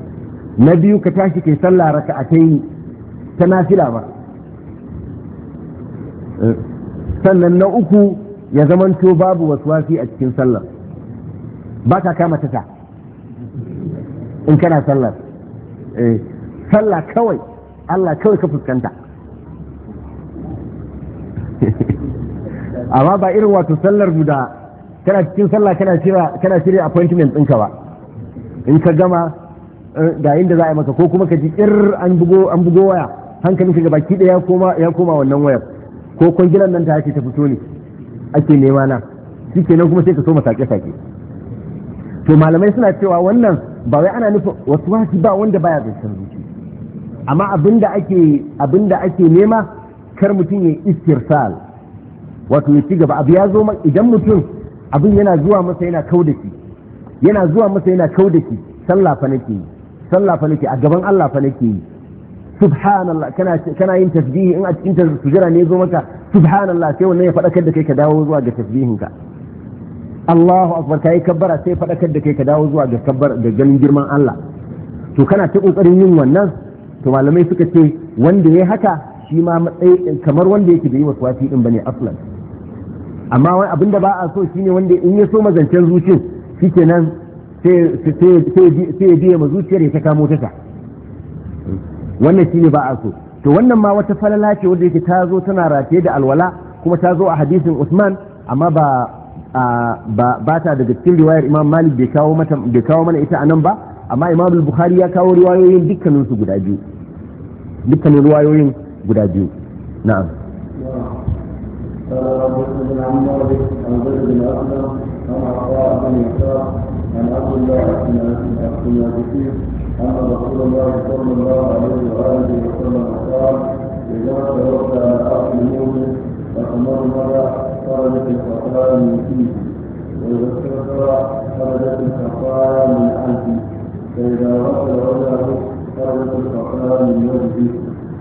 na biyu ka tashi kai sallah raka'atai ta nafila ba sannan na uku ya zamanto babu waswasi a cikin sallar ba ka kama ta in kana sallar eh, sallah kawai Allah kawai ka fuskanta amma ba irin wato sallar mu da kana cikin sallah kana shirya kana shirya appointment ɗinka ba in ka gama da eh, inda za a yi maka ko kuma ka ji irin an bugo an bugo waya hankalin ka gaba ɗaya ya koma ya koma wannan wayar ko kwangilan nan ta ake ta fito ne ake nema na nan kuma sai ka so mu sake sake to malamai suna cewa wannan ba wai ana nufin wasu wasu ba wanda baya zancen zuci amma abinda ake abinda ake nema kar mutum ya istirsal wato ya ci gaba abu ya zo idan mutum abin yana zuwa masa yana kau da shi yana zuwa masa yana kau da shi sallah fa nake yi sallah fa nake a gaban Allah fa nake yi subhanallah kana kana yin tasbihi in a cikin sujjara ne zo maka subhanallah sai wannan ya fadakar da kai ka dawo zuwa ga tasbihinka. Allahu Allahu akbar kai kabbara sai fadakar da kai ka dawo zuwa ga kabbar da ganin girman Allah to kana ta kokarin yin wannan to malamai suka ce wanda yayi haka shi ma matsayi kamar wanda yake da yi wasu waswasi din bane aflan amma wani abin da ba a so shine wanda in ya so mazancen zuciyar shikenan sai ya biya ma zuciyar ya ta kamo ta wannan shine ba a so to wannan ma wata falala ce wanda yake ta zo tana rataye da alwala kuma ta zo a hadisin Usman amma ba ba ta daga cikin riwayar Imam Malik bai kawo mata bai kawo mana ita anan ba amma Imam Bukhari ya kawo riwayoyin dukkanin su guda biyu dukkanin riwayoyin guda biyu na'am قال ربكم بن عمار عن بن اسلم عن عطاء بن يسار عن عبد الله بن ابي ان رسول الله صلى الله عليه واله وسلم قال اذا توفى اخ المؤمن فتمرمر خرجت الخطايا من فيه واذا استغفر خرجت الخطايا من عنه فاذا غسل وجهه خرجت الخطايا من وجهه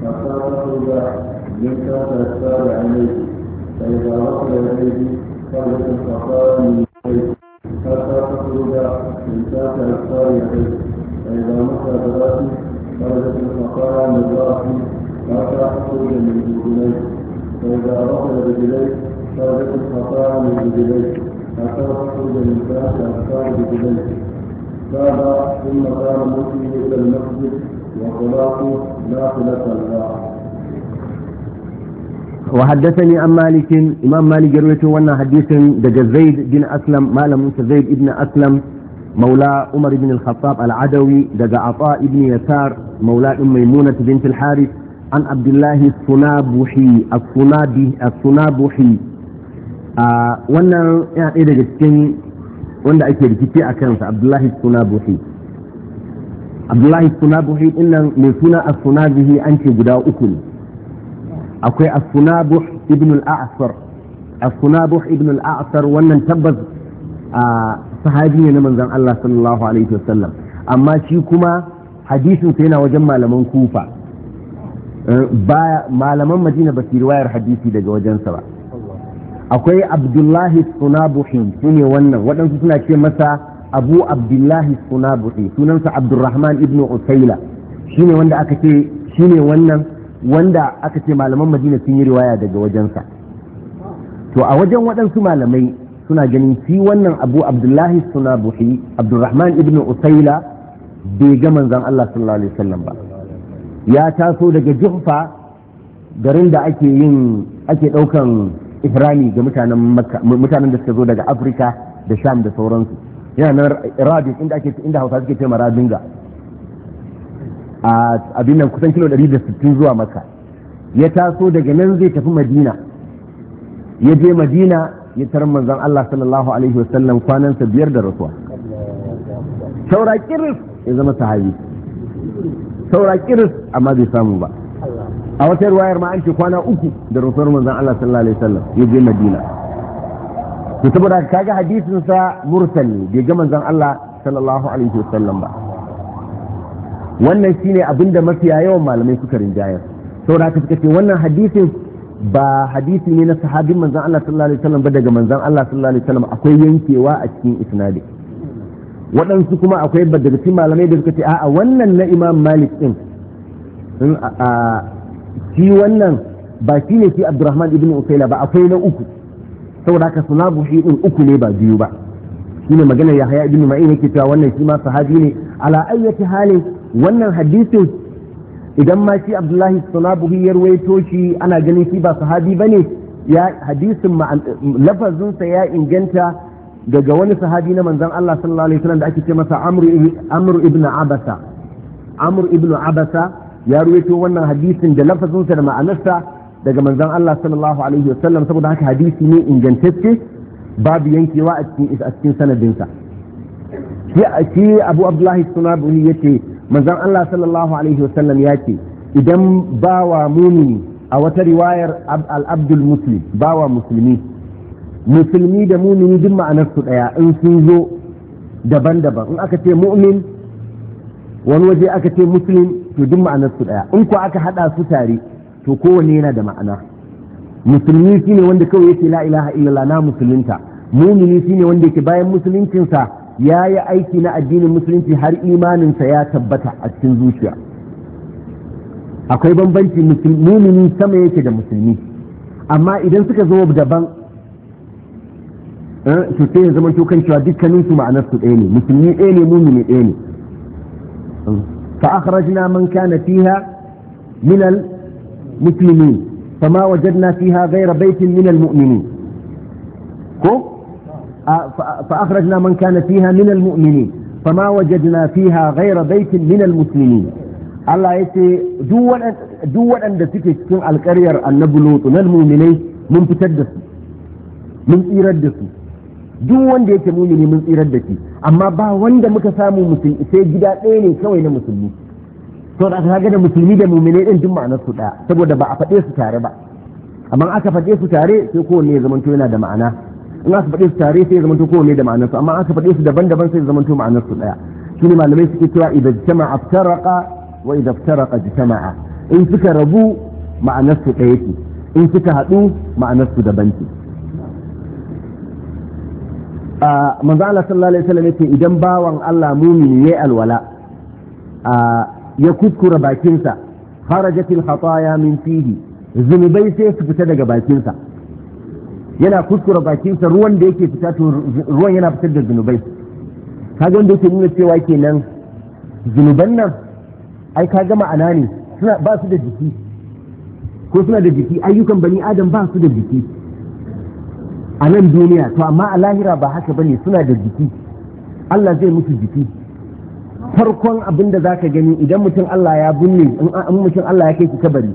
حتى تخرج من كثره السابع اليه فإذا وصل إليه فليكن فقال حتى تخرج من تحت أكثر يديه فإذا مس برأسه فليكن فقال من رأسه حتى تخرج من رجليه فإذا وصل رجليه فليكن فقال من رجليه حتى تخرج من تحت أكثر رجليه تاب ثم كان مسلم إلى المسجد وصلاته داخلة له وحدثني عن مالك إمام مالك رويته وانا حديث دجا زيد بن أسلم ما لم زيد بن أسلم مولى عمر بن الخطاب العدوي دجا عطاء بن يسار مولى أم ميمونة بنت الحارث عن عبد الله الصنابحي الصنابي الصنابحي آه وانا يعني دجا سكين وانا اكيد كتي اكنس عبد الله الصنابحي عبد الله الصنابحي إن من سنة الصنابحي أنت جدا أكل akwai as ibn al-a'sar as ibn al-a'sar wannan tabbas a sahabi ne na manzon Allah sallallahu alaihi wasallam amma shi kuma hadisin sa yana wajen malaman kufa eh, ba malaman madina ba su riwayar hadisi daga wajensa ba akwai abdullahi sunabuhi shine wannan waɗansu suna ce masa abu abdullahi sunabuhi sunansa abdurrahman ibn usaila shine wanda aka ce shine wannan wanda aka ce malaman madina sun yi riwaya daga wajensa to a wajen waɗansu malamai suna ganin shi wannan abu abdullahi suna buhi abdurrahman ibn usaila bai ga manzan allah sallallahu alaihi wasallam ba ya taso daga jufa garin da ake yin ake ɗaukan ifrani ga mutanen da suka zo daga afirka da sham da sauransu yana nan rabin inda hausa suke ce ra'binga. a abin nan kusan kilo 160 zuwa maka ya taso daga nan zai tafi madina ya je madina ya tarar manzan Allah sallallahu alaihi wasallam kwanansa biyar da rasuwa saura kiris ya zama sahabi saura kiris amma bai samu ba a wata ruwayar ma an ce kwana uku da rasuwar manzan Allah sallallahu alaihi wasallam ya je madina to saboda kaga hadisin sa mursal ne bai ga manzon Allah sallallahu alaihi wasallam ba wannan shine abin da mafiya yawan malamai suka rinjayar saboda haka suka ce wannan hadisin ba hadisi ne na sahabin manzon Allah sallallahu alaihi wasallam ba daga manzon Allah sallallahu alaihi wasallam akwai yankewa a cikin isnadi waɗansu kuma akwai daga cikin malamai da suka ce a'a wannan na Imam Malik din shi wannan ba shi ne shi Abdurrahman ibn Usaila ba akwai na uku saboda haka sunabuhi din uku ne ba biyu ba shine magana ya haya ibn Ma'in yake cewa wannan shi ma sahabi ne ala ayyati halin wannan hadisin idan ma shi abdullahi sunabuhi ya ruwaito shi ana ganin shi ba sahabi ba ne ya hadisin lafazinsa ya inganta daga wani sahabi na manzan Allah sallallahu alaihi wasallam da ake ce masa amr ibn abasa amr ibn abasa ya ruwaito wannan hadisin da lafazinsa da ma'anarsa daga manzan Allah sallallahu alaihi wasallam saboda haka hadisi ne ingantacce babu yankewa a cikin sanadinsa ake abu abdullahi sunabuhi yace manzon Allah sallallahu alaihi wasallam ya ce idan bawa mumini a wata riwayar al-abdul muslim bawa musulmi musulmi da mumini duk ma'anar su daya in sun zo daban-daban in aka ce mu'min wani waje aka ce muslim to duk ma'anar su daya in ko aka hada su tare to kowanne yana da ma'ana musulmi shine wanda kawai yake la ilaha illallah na musulunta mumini shine wanda yake bayan musuluncinsa ya yi aiki na addinin musulunci har imaninsa ya tabbata a cikin zuciya akwai bambanci mumini sama yake da musulmi amma idan suka zo daban su eh, sai ya zama kan cewa dukkaninsu ma'anar su ɗaya ne musulmi ɗaya ne mumini ɗaya ne fa akhrajna man kana fiha min al muslimin fama wajadna fiha ghayra baitin min al mu'minin ko فأخرجنا من كان فيها من المؤمنين فما وجدنا فيها غير بيت من المسلمين الله يتي دول أن دسكي سكين القرية النبلوط المؤمنين من بتدس من إيردس duk wanda yake mumini mun tsirar da shi amma ba wanda muka samu musulmi sai gida ɗaya ne kawai na musulmi to da aka da musulmi da muminai din duk ma'anar su ɗaya saboda ba a faɗe su tare ba amma aka faɗe su tare sai kowanne ya zamanto yana da ma'ana in aka faɗe su tare sai ya zamanto kowanne da ma'anarsu amma aka faɗe su daban-daban sai ya zamanto ma'anarsu ɗaya shi ne malamai suke cewa idan jama'a taraka wa idan taraka jama'a in suka rabu ma'anarsu ɗaya ce in suka haɗu ma'anarsu daban ce manzo Allah sallallahu alaihi wasallam yace idan bawan Allah mumini yayi alwala ya kuskura bakinsa kharajatil khataya min fihi zunubai sai su fita daga bakinsa yana kuskura bakinsa ruwan da yake fita to ruwan yana fitar da zunubai ka wanda yake nuna cewa kenan zunuban nan ai ka gama ma'ana ne suna ba su da jiki ko suna da jiki ayyukan bani adam ba su da jiki a nan duniya to amma a lahira ba haka bane suna da jiki Allah zai musu jiki farkon abin da zaka gani idan mutum Allah ya binne in mutum Allah ya kai shi kabari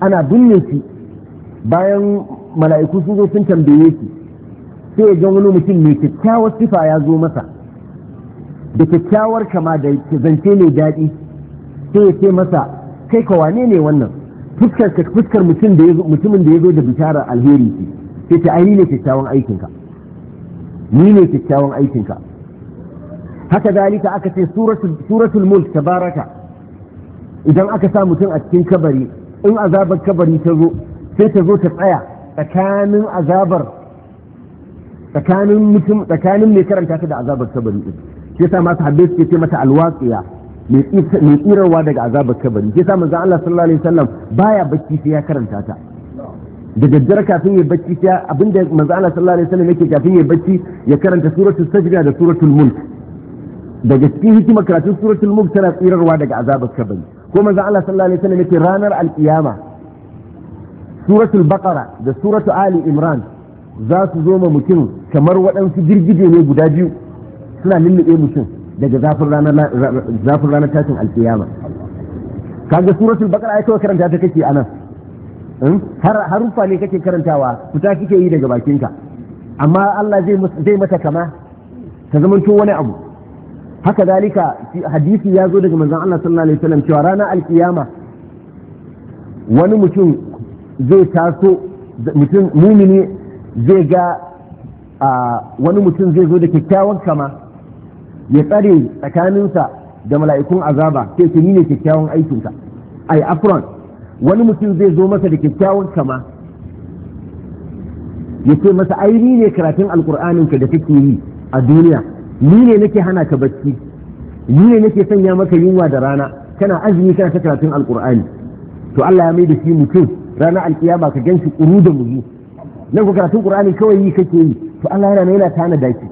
ana binne shi bayan mala'iku sun zo sun tambaye shi sai ya ga wani mutum mai kyakkyawar sifa ya zo masa da kyakkyawar kama da zance mai daɗi sai ya ce masa kai ka wane ne wannan fuskar fuskar da ya zo da bishara alheri ce sai ta ai ne kyakkyawan aikinka ni ne kyakkyawan aikinka haka dalika aka ce suratul suratul ta baraka, idan aka sa mutum a cikin kabari in azabar kabari ta zo sai ta zo ta tsaya tsakanin azabar tsakanin mutum tsakanin mai karanta ta da azabar kabari din shi yasa masu habbe suke ce mata alwaqiya mai tsirarwa daga azabar kabari shi yasa manzo Allah sallallahu alaihi wasallam baya bacci sai ya karanta ta da daddare kafin ya bacci sai abinda manzo Allah sallallahu alaihi wasallam yake kafin ya bacci ya karanta suratul sajda da suratul mulk daga cikin hikimar karatun suratul mulk tana tsirarwa daga azabar kabari ko manzo Allah sallallahu alaihi wasallam yake ranar alkiyama suratul baqara da suratul ali imran za su zo ma mutum kamar waɗansu girgije ne guda biyu suna lullube mutum daga zafin ranar tashin alkiyama kaga suratul baqara ai kawai karanta ta kake anan hmm? har harufa ne kake karantawa fita kike yi daga bakinka amma Allah zai mata kama ta zamanto wani abu haka zalika hadisi ya zo daga manzon Allah sallallahu alaihi wasallam cewa ranar alkiyama wani mutum zai taso mutum mumini zai ga wani mutum zai zo da kyakkyawan kama ya tsare tsakaninsa da mala'ikun azaba sai ce ni ne kyakkyawan aikinka ai afron wani mutum zai zo masa da kyakkyawan kama ya ce masa ai ni ne karatun alkur'aninka da kake yi a duniya ni ne nake hana ka barci? ni ne nake sanya maka yunwa da rana kana azumi kana ta karatun alkur'ani to Allah ya mai da shi mutum ranar alkiyama ka gan shi kuru da muzu nan ku karatun qur'ani kawai yi kake yi to Allah yana yana tana daki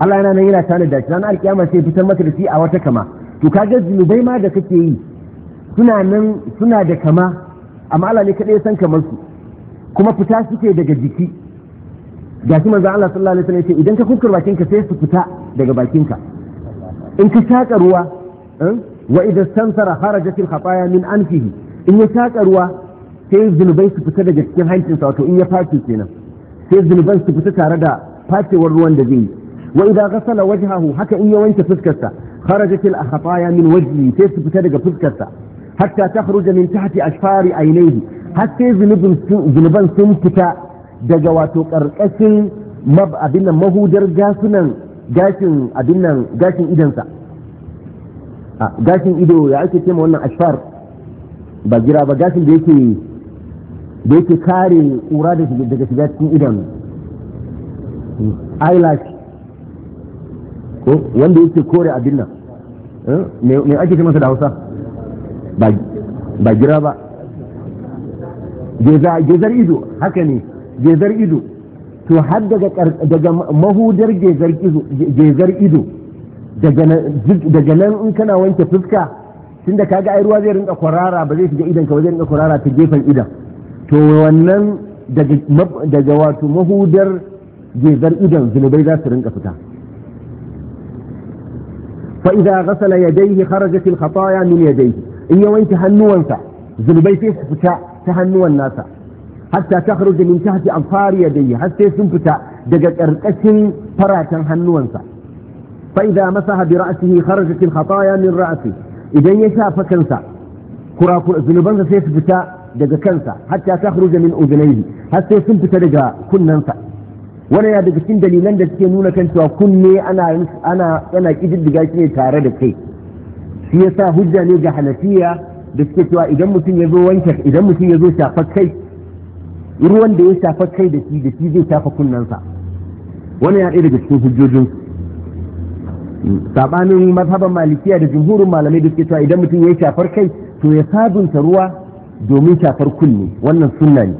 Allah yana yana tana daki ranar alkiyama sai fitar maka da shi a wata kama to kaga zunubai ma da kake yi suna nan suna da kama amma Allah ne kaɗai ya san kamar su kuma fita suke daga jiki ga shi manzo Allah sallallahu alaihi wasallam ya ce idan ka kukkar bakinka sai su fita daga bakinka in ka taka ruwa eh, wa idan samsara harajatil khataya min anfihi in ya tatsa ruwa sai zunubai su fita daga cikin hancinsa wato in ya face kenan sai zunuban su fita tare da facewar ruwan da zai yi wa idza ghasala wajhahu haka in ya wanke fuskarsa kharajat al khataya min wajhi sai su fita daga fuskarsa hatta takhruja min tahti ashfari aynayhi har sai zunuban sun fita daga wato karkashin mab mahudar gasunan gashin abin gashin idansa ah, gashin ido ya ake ce wannan ashfar ba gira ba gashin da yake da yake kare ƙura daga shiga cikin idan eyelash ko wanda yake kore abin nan eh, me ake masa da hausa ba gira ba gezar ido haka ne gezar ido to har daga mahudar gezar ido daga nan in kana wanke fuska tunda kaga ai ruwa zai rinka kwarara ba zai shiga idan ka zai rinka kwarara ta gefen idan to wannan daga wato mahudar gezar idan zunubai za su rinka fita fa idza ghasala yadayhi kharajat al khataaya min yadayhi in ya wanke hannuwansa zunubai sai su fita ta hannuwan nasa hatta takhruj min tahti afari yadayhi har sai sun fita daga karkashin faratan hannuwansa fa idza masaha bi ra'sihi kharajat al khataya min ra'sihi idan ya shafa kansa zunubansa sai su fita daga kansa hatta ta khruja min udunaihi har sai sun fita daga kunnansa. wannan ya daga cikin dalilan da suke nuna kan cewa kunne ana ana ana kididdiga shi ne tare da kai shi yasa hujja ne ga hanafiya da suke cewa idan mutum ya zo wanke idan mutum ya zo shafa kai ruwan da ya shafa kai da shi da shi zai shafa kunnansa. wannan ya daga cikin hujjojinsu sabanin mazhaban malikiya da jumhurin malamai da suke cewa idan mutum ya shafar kai to ya sabunta ruwa domin shafar kunne wannan sunna ne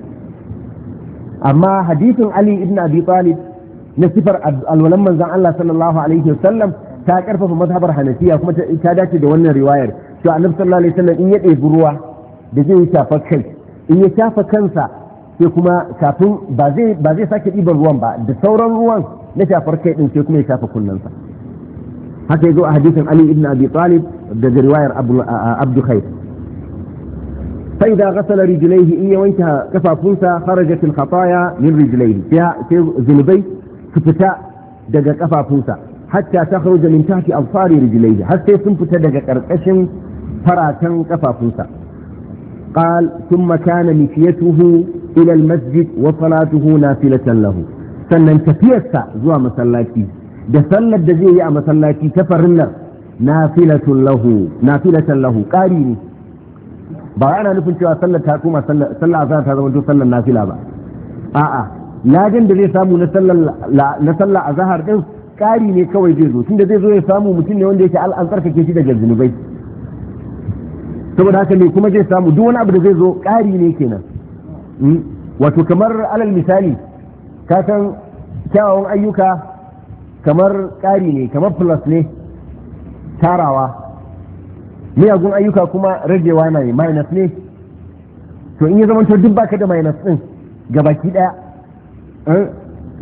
amma hadisin ali ibn abi talib na sifar alwalan manzon Allah sallallahu alaihi wasallam ta karfafa mazhabar hanafiya kuma ta dace da wannan riwayar to annabi sallallahu alaihi wasallam in ya ɗebi ruwa da zai yi shafar kai in ya shafa kansa sai kuma kafin ba zai ba zai sake ɗiban ruwan ba da sauran ruwan na shafar kai din sai kuma ya shafa kunnensa حتى يجو حديث علي بن ابي طالب ده رواية عبد خير فاذا غسل رجليه ان وانتهى كفى فنسا خرجت الخطايا من رجليه فيها في ذنبي فتتاء دقى كفى فنسا حتى تخرج من تحت ابصار رجليه حتى سنفت دقى كرقشن فرا كان كفى فنسا قال ثم كان مشيته الى المسجد وصلاته نافلة له فنن تفيسا زوى مسلاتي da sallar da zai yi a masallaci ta farin farillar nafilatun lahu nafilatan lahu ƙari ne ba ana nufin cewa sallar ta koma sallar azhar ta zama to sallar nafila ba a'a ladan da zai samu na sallar na sallar azhar din ƙari ne kawai zai zo tunda zai zo ya samu mutum ne wanda yake an tsarkake shi daga zunubai saboda haka ne kuma zai samu duk wani abu da zai zo ƙari ne kenan hmm? wato kamar alal misali ka san kyawawan ayyuka kamar ƙari ne kamar plus ne tarawa miyagun ayyuka kuma ragewa na ne minus ne to in ya zama to duk baka da minus din gabaki ɗaya, eh,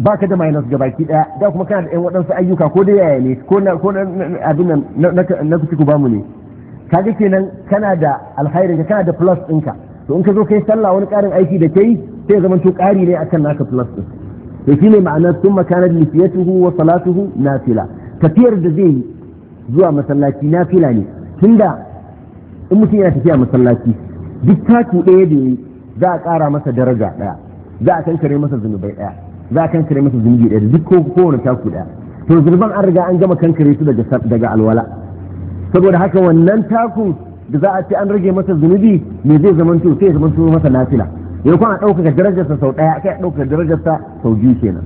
baka da minus gabaki ɗaya. da kuma kana da ɗan waɗansu ayyuka ko da yaya ne ko na abin na kuci ku bamu ne kaga kenan kana da alkhairin ka kana da plus ɗinka to in ka zo kai sallah wani ƙarin aiki da ke yi sai ya zama to ƙari ne akan naka plus ɗin to shine ma'ana sun makana lifiyatuhu wa salatuhu nafila tafiyar da zai yi zuwa masallaci nafila ne tunda in mutum yana tafiya masallaci duk taku ɗaya da yi za a ƙara masa daraja ɗaya za a kankare masa zunubai ɗaya za a kankare masa zunubi ɗaya duk kowane taku ɗaya to zunuban an riga an gama kankare su daga alwala saboda haka wannan takun da za a ce an rage masa zunubi me zai zamanto sai ya zamanto masa nafila yau kuma ɗaukaka darajarsa sau ɗaya sai ɗaukaka darajarsa sau biyu kenan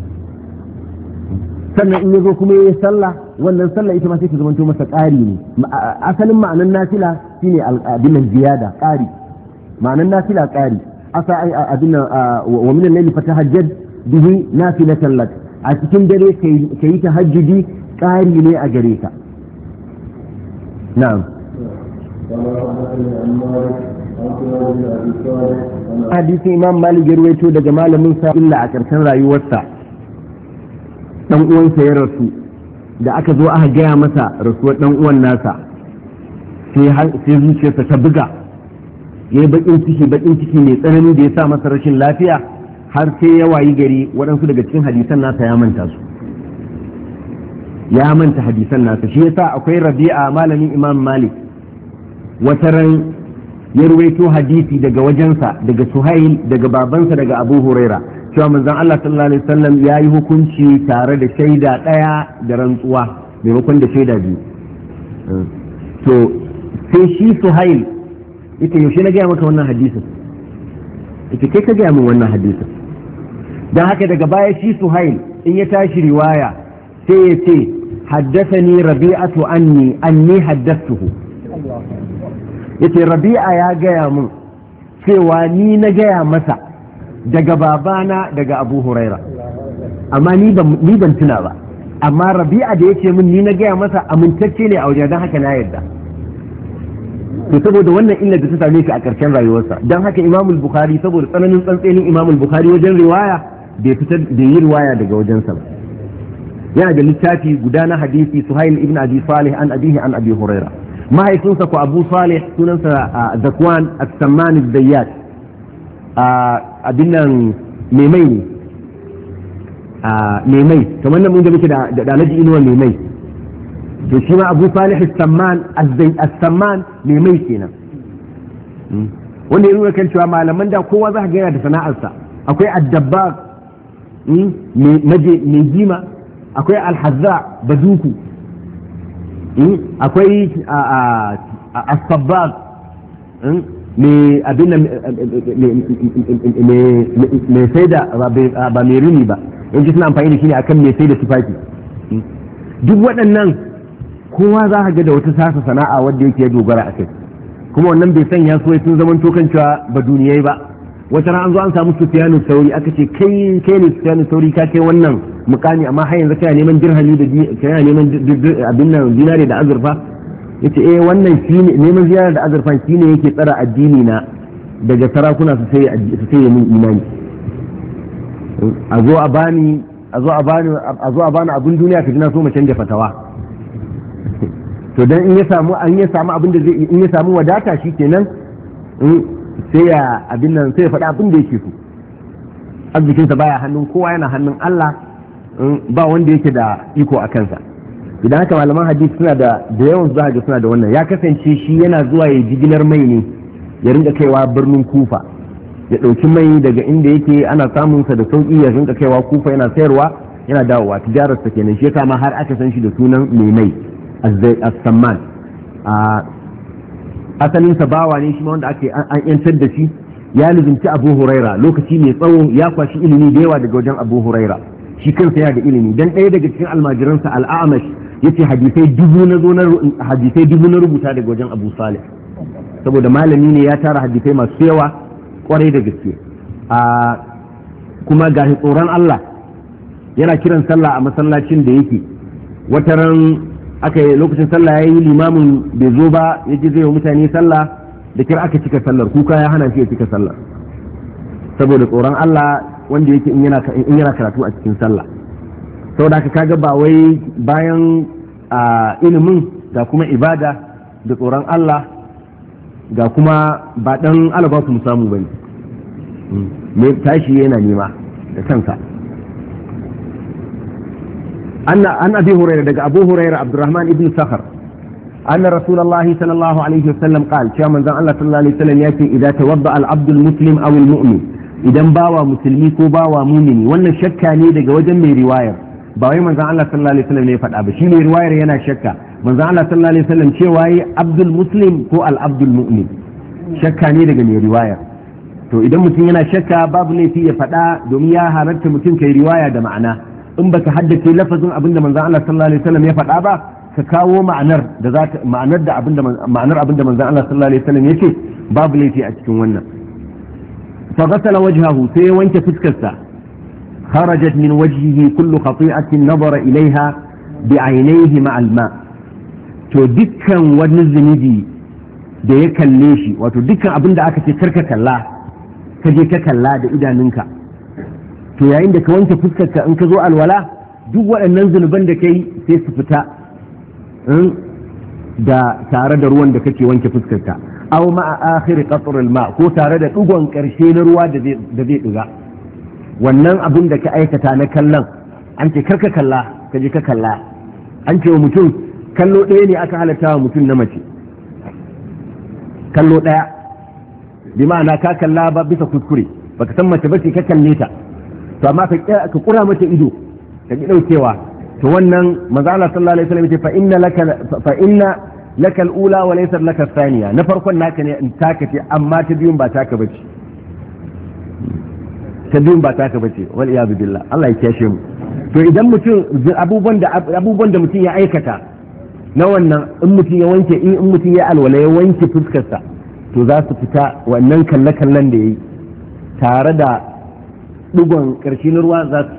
sannan in ya zo kuma ya sallah wannan sallah ita ma sai ta zamanto masa ƙari ne asalin ma'anan nafila shine abinan ziyada ƙari ma'anan nafila ƙari asa ai abinan wa minan laili fatahajjad bihi nafilatan lak a cikin dare kai tahajjudi ƙari ne a gare ka na'am hadisin imam malik ya ruwaito daga malamin sa illa a ƙarshen rayuwarsa dan uwansa ya rasu da aka zo aka gaya masa rasuwar dan uwan nasa sai zuciyarsa ta buga ya yi bakin ciki bakin ciki mai tsanani da ya sa masa rashin lafiya har sai ya wayi gari waɗansu daga cikin hadisan nasa ya manta su ya manta hadisan nasa shi yasa akwai rabi'a malamin imam malik wataran ya ruwaito hadisi daga wajensa daga suhail daga babansa daga abu huraira cewa manzon Allah sallallahu alaihi wasallam ya yi hukunci tare da shaida daya da rantsuwa maimakon da shaida biyu to sai shi suhail ita yaushe na gaya maka wannan hadisin ita kai ka gaya min wannan hadisin don haka daga baya shi suhail in ya tashi riwaya sai ya ce haddasa ni rabi'atu anni anni haddastuhu yace rabi'a ya gaya mun cewa ni na gaya masa daga babana daga abu huraira amma ni ban tuna ba amma rabi'a da yace mun ni na gaya masa amintacce ne a wajen don haka na yarda to saboda wannan illar da ta same shi a ƙarshen rayuwarsa don haka imamul bukhari saboda tsananin tsantsenin imamul bukhari wajen riwaya bai fitar da yi riwaya daga wajensa ba yana da littafi guda na hadisi suhail ibn abi salih an abihi an abi huraira mahaifinsa ku abu salih sunansa a zakwan as-samman zayyat abin nan memai ne memai kamar nan mun ga muke da dalaji inuwa memai to shi ma abu salih as-samman as-samman memai kenan hmm. wanda ya nuna kan cewa malaman da kowa za ka gaya da sana'arsa akwai addabba hmm, mai gima akwai alhazza bazuku Hmm? akwai a sabbat hmm? abin mai sai da ba mai rini ba in ji suna amfani da shi ne akan mai sai da tufafi hmm? duk waɗannan kowa za ka ga da wata sasa sana'a wadda yake ya dogara a kai kuma wannan bai sanya su sun zaman tokan cewa ba duniyai ba wata ran an zo an samu sufiyanu sauri aka ce kai kai ne sufiyanu sauri ka kai wannan mukami amma har yanzu kana neman dirhami da kana neman abin nan dinare da azurfa yace eh wannan shine neman ziyara da azurfa shine yake tsara addini na daga sarakuna su sai su sai mun imani a zo a bani a zo a bani a zo a bani abin duniya ka jina so mu canja fatawa to dan in ya samu an ya samu abin da zai in ya samu wadata shikenan sai ya abin nan sai ya faɗi abin da yake so arzikinsa baya hannun kowa yana hannun Allah mm, ba wanda yake da iko a kansa idan haka malaman hadisi suna da da yawan za ga suna da wannan ya kasance shi yana zuwa ya jigilar mai ne ya rinka kaiwa birnin kufa ya ɗauki mai daga inda yake ana samunsa da sauƙi ya rinka kaiwa kufa yana sayarwa yana dawowa tijararsa kenan shi ya kama har aka san shi da sunan mai mai as-samman ah, asalinsa bawa ne shi ma wanda ake an yantar da shi ya lubinci abu huraira lokaci mai tsawo ya kwashi ilimi da yawa daga wajen abu huraira shi kansa yana da ilimi dan ɗaya daga cikin almajiransa al'amash yace hadisai dubu na zo hadisai dubu na rubuta daga wajen abu salih saboda malami ne ya tara hadisai masu yawa kwarai da gaske a kuma ga tsoron Allah yana kiran sallah a masallacin da yake wataran aka yi lokacin sallah ya yi limamin bai zo ba ya ji zai wa mutane sallah da kira aka cika sallar kuka ya hana shi ya cika sallar saboda tsoron Allah wanda yake in yana karatu a cikin sallah saboda ka kaga ba wai bayan ilimin ga kuma ibada da tsoron Allah ga kuma ba dan alaba su samu bane hmm. me tashi yana nema da kansa Ana abi huraira daga abu huraira abdurrahman ibn sakhar anna rasulullahi sallallahu alaihi wasallam cewa manzon Allah sallallahu alaihi wasallam yace idan tawadda al abd al muslim aw al mu'min idan bawa musulmi ko bawa mumini wannan shakka ne daga wajen mai riwayar ba wai manzon Allah sallallahu alaihi wasallam ne ya faɗa ba shi mai riwayar yana shakka manzon Allah sallallahu alaihi wasallam cewa yi abdul muslim ko al mu'min shakka ne daga mai riwayar to idan mutum yana shakka babu laifi ya faɗa domin ya halarta mutum ka yi riwaya da ma'ana in baka haddace lafazin abinda manzon Allah sallallahu alaihi wasallam ya faɗa ba ka kawo ma'anar da za ka, ma'anar da abinda ma'anar abinda manzon Allah sallallahu alaihi wasallam yake babu laifi a cikin wannan fa ghasala wajhahu sai wanke fuskarsa kharajat min wajhihi kullu khati'atin nadara ilaiha bi ainihi ma'al ma to dukkan wani zunubi da ya kalle shi wato dukkan abin da aka ce karka kalla ka je ka kalla da idanunka to yayin da ka wanke fuskarka in ka zo alwala duk waɗannan zunuban da ka yi sai su fita hmm, da tare da ruwan da kake wanke fuskarka aw ma akhir qatr ma ko tare da dugon karshe na ruwa da zai diga wannan abin da ka aikata na kallon an ce karka kalla ka je ka kalla an ce wa mutum kallo ɗaya ne aka halatta wa mutum na mace kallo ɗaya bi ma'ana ka kalla ba bisa kuskure baka san mace ba ce ka kalle ta to amma ka ka kura mata ido ka ki daukewa to wannan manzo Allah sallallahu alaihi wasallam ce fa inna laka fa inna laka al wa laysa laka thaniya na farkon naka ne in taka ce amma ta biyun ba taka bace ta biyun ba taka bace wal iyad billah Allah ya kiyashe mu to idan mutum abubuwan da abubuwan da mutum ya aikata na wannan in mutum ya wanke in mutum ya alwala ya wanke fuskarsa to za su fita wannan kalle-kallen da ya yi tare da ɗigon ƙarshe na ruwa za su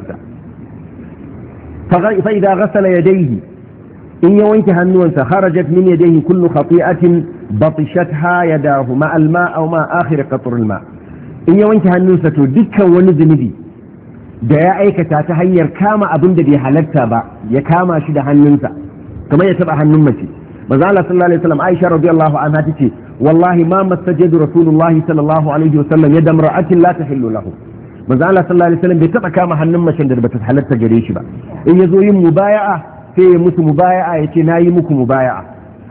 fita fa idza ghasala yadayhi in ya wanke hannuwansa harajat min yadayhi kullu khati'atin batishatha yadahu ma alma aw ma akhir qatr alma in ya wanke hannunsa to dukkan wani zunubi da ya aikata ta hanyar kama abin da bai halatta ba ya kama shi da hannunsa kamar ya taba hannun mace manzo Allah sallallahu alaihi wasallam Aisha radiyallahu anha tace wallahi ma masajadu rasulullahi sallallahu alaihi wasallam yadamra'atin la tahillu lahu manzo Allah sallallahu alaihi wasallam bai taba kama hannun macen da bata halarta gare shi ba in yazo yin mubaya'a sai ya musu mubaya'a yace nayi muku mubaya'a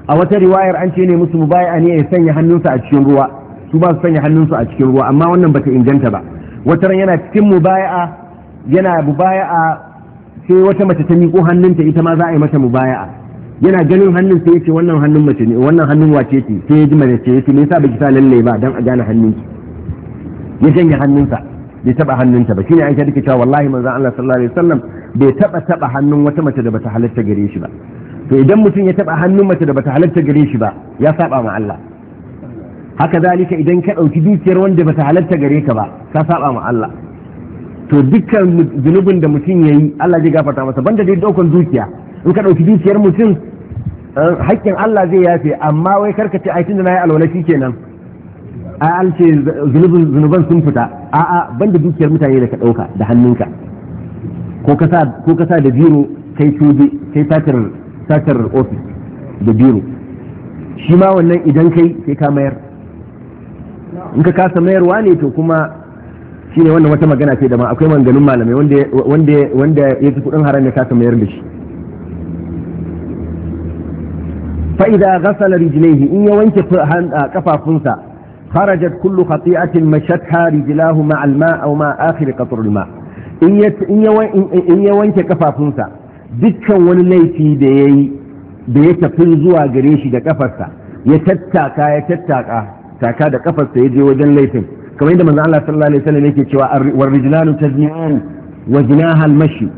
a wata riwayar an ce ne musu mubaya'a ne ya sanya hannunsa a cikin ruwa su ba su sanya hannunsu a cikin ruwa amma wannan bata inganta ba wata ran yana cikin mubaya'a yana mubaya'a sai wata mace ta miƙo hannunta ita ma za a yi mata mubaya'a yana ganin hannun sai yace wannan hannun mace ne wannan hannun wace ce sai ya ji mace yace me yasa baki sa lalle ba dan a gane hannunki ya janye hannunsa bai taba hannunta ba shine Aisha take cewa wallahi manzo Allah sallallahu alaihi wasallam bai taba taba hannun wata mace da bata halatta gare shi ba to idan mutum ya taba hannun mace da bata halatta gare shi ba ya saba ma Allah haka zalika idan ka dauki dukiyar wanda bata halatta gare ka ba ka saba ma Allah to dukkan zunubin da mutum yayi Allah zai gafarta masa banda dai daukan dukiya in ka dauki dukiyar mutum eh, hakkin Allah zai yafe amma wai karka ce ai tunda nayi alwala kenan a an ce zunuban sun fita a'a da dukiyar mutane da ka ɗauka da hannunka ko ka sa da biro kai coge kai satar ofis da biro shi ma wannan idan kai sai ka mayar in ka kasa mayarwa ne to kuma shi ne wannan wata magana ce da ma akwai manganin malamai wanda ya fi kudin haram ya kasa mayar da shi fa'ida gasala rijilaihi in ya wanke kafafunsa خرجت كل خطيئة مشتها رجلاه مع الماء أو مع آخر قطر الماء in ya wanke kafafunsa dukkan wani laifi da ya da ya tafi zuwa gare shi da kafarsa ya tattaka ya tattaka da kafarsa ya je wajen laifin kamar yadda maza Allah sallallahu alaihi wasallam yake cewa war rijlanu tazniyan wa zinaha al-mashi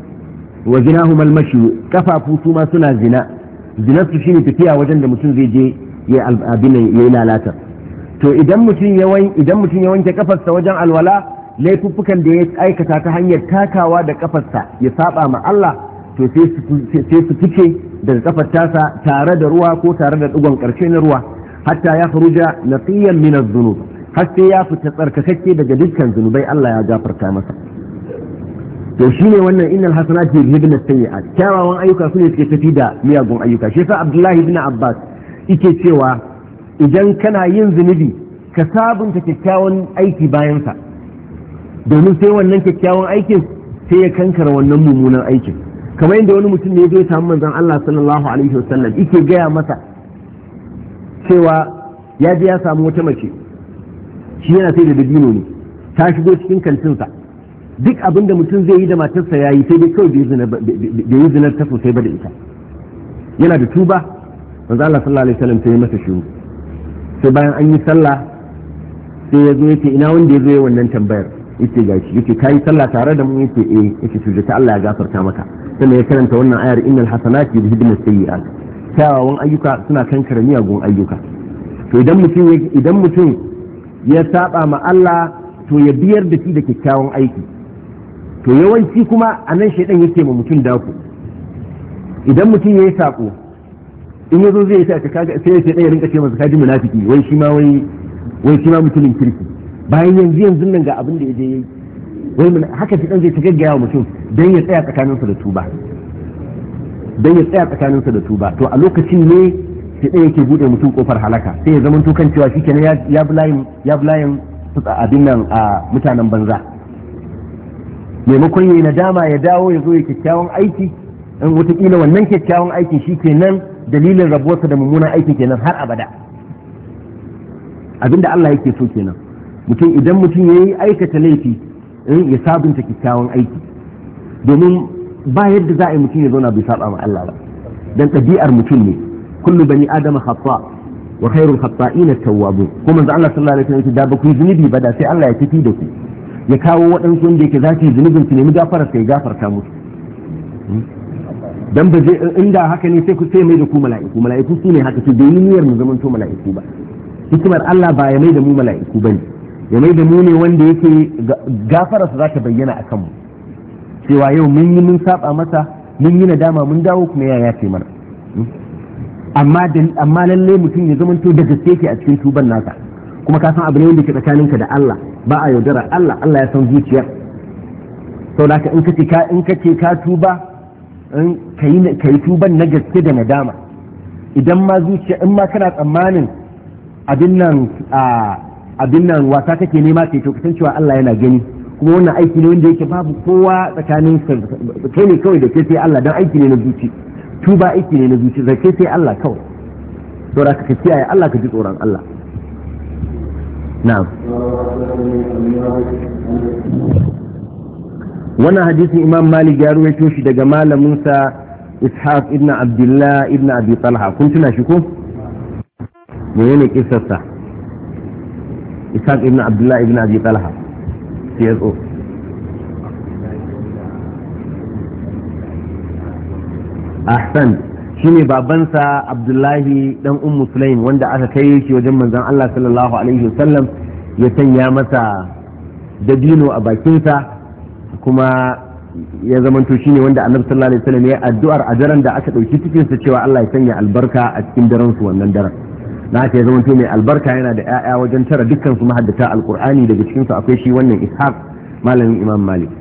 wa zinahuma al ma suna zina zinarsu shine tafiya wajen da mutum zai je ya abin lalata to idan mutum ya idan mutum ya wanke kafarsa wajen alwala laifuffukan da ya aikata ta hanyar takawa da kafarsa ya saba ma Allah to sai su fice daga kafar tasa tare da ruwa ko tare da digon karshe na ruwa hatta ya furuja nasiyan min az-zunub har sai ya fita tsarkakakke daga dukkan zunubai Allah ya gafarta masa to shine wannan innal hasanati yuzhibna as-sayyi'at kyawawan ayyuka sune suke tafi da miyagun ayyuka shi yasa Abdullahi ibn Abbas yake cewa idan kana yin zunubi ka sabunta kyakkyawan aiki bayansa domin sai wannan kyakkyawan aikin sai ya kankara wannan mummunan aikin kamar yadda wani mutum ne ya samu manzon Allah sallallahu alaihi wasallam yake gaya masa cewa ya je ya samu wata mace shi yana sai da dabino ne ta shigo cikin kantinsa duk abin da mutum zai yi da matarsa ya yi sai dai kawai bai yi zinar ta sosai ba da ita yana da tuba manzo Allah sallallahu alaihi wasallam sai masa shiru sai bayan an yi sallah sai ya zo ya ce ina wanda ya zo ya wannan tambayar yace gashi yace kai sallah tare da mu yace eh yace to ta Allah ya gafarta maka sannan ya karanta wannan ayar innal hasanati yudhibun sayyi'at kyawawan ayyuka suna kankare miyagun ayyuka to idan mutum idan mutum ya saba ma Allah to ya biyar da shi da kyakkyawan aiki to yawanci kuma a nan yake ma mutum daku idan mutum ya yi saƙo in yazo zai sai ka kaga sai sai ya rinka ce masa kaji munafiki wai shi ma wai wai shi ma mutumin kirki bayan yanzu yanzu nan ga abin da ya je yayi wai mun haka shi dan zai ta gaggaya mutum dan ya tsaya tsakaninsa da tuba dan ya tsaya sa da tuba to a lokacin ne sai ɗaya yake buɗe mutum kofar halaka sai ya zama tukan cewa shi kenan ya bi ya bi abin nan a mutanen banza maimakon ya nadama ya dawo ya zo ya kyakkyawan aiki in wataƙila wannan kyakkyawan aiki shi kenan dalilin rabuwarsa da mummunan aikin kenan har abada abinda Allah yake so kenan mutum idan mutum ya yi aikata laifi eh, ya sabunta kyakkyawan aiki domin ba yadda za a yi mutum ya zauna bai saba ma Allah ba dan ɗabi'ar mutum ne kullu bani adama khata wa khairul khata'ina tawwabun kuma da Allah sallallahu alaihi wasallam da ba ku zunubi ba da sai Allah ya tafi da ku ya kawo waɗansu wanda yake za su yi zunubin su nemi gafarar sai gafarta musu hmm? dan ba je inda haka ne sai ku sai mai da ku mala'iku mala'iku su ne haka to bai yi niyyar mu zaman to mala'iku ba hikimar Allah ba ya mai da mu mala'iku bane ya mai da mu ne wanda yake gafararsa za ta bayyana a kanmu cewa yau mun yi mun saba masa mun yi nadama mun dawo kuma ya yafe mana hmm? amma amma lalle mutum ya to da gaske yake a cikin tuban nasa kuma ka san abu ne wanda ke tsakaninka da Allah ba a yaudara Allah Allah ya san zuciyar saboda in ka in ka ce ka tuba ka yi tuban na gaske da nadama idan ma zuciya in ma kana tsammanin abin nan wasa kake nema ce to kasan cewa Allah yana gani kuma wannan aiki ne wanda yake babu kowa tsakanin kai ne kawai da ke sai Allah dan aiki ne na zuci tuba aiki ne na zuci da ke sai Allah kawai to da ka kiyaye Allah ka ji tsoron Allah na'am wannan hadisin imam malik ya ruwaito shi daga malaminsa ishaq ibn abdullah ibn abi talha kun tuna shi ko me ne kisarsa ishaq ibn abdullah ibn abi talha cso ahsan shine babansa abdullahi dan ummu sulaim wanda aka kai shi wajen manzon Allah sallallahu alaihi wasallam ya sanya masa dabino a bakinsa kuma ya zamanto shine wanda annabi sallallahu alaihi wasallam ya addu'ar a daren da aka dauki cikin sa cewa Allah ya sanya albarka a cikin daren su wannan daren na ya zamanto mai albarka yana da ƴaƴa wajen tara dukkan su mahaddata alqur'ani daga cikin su akwai shi wannan ishaq malamin imam malik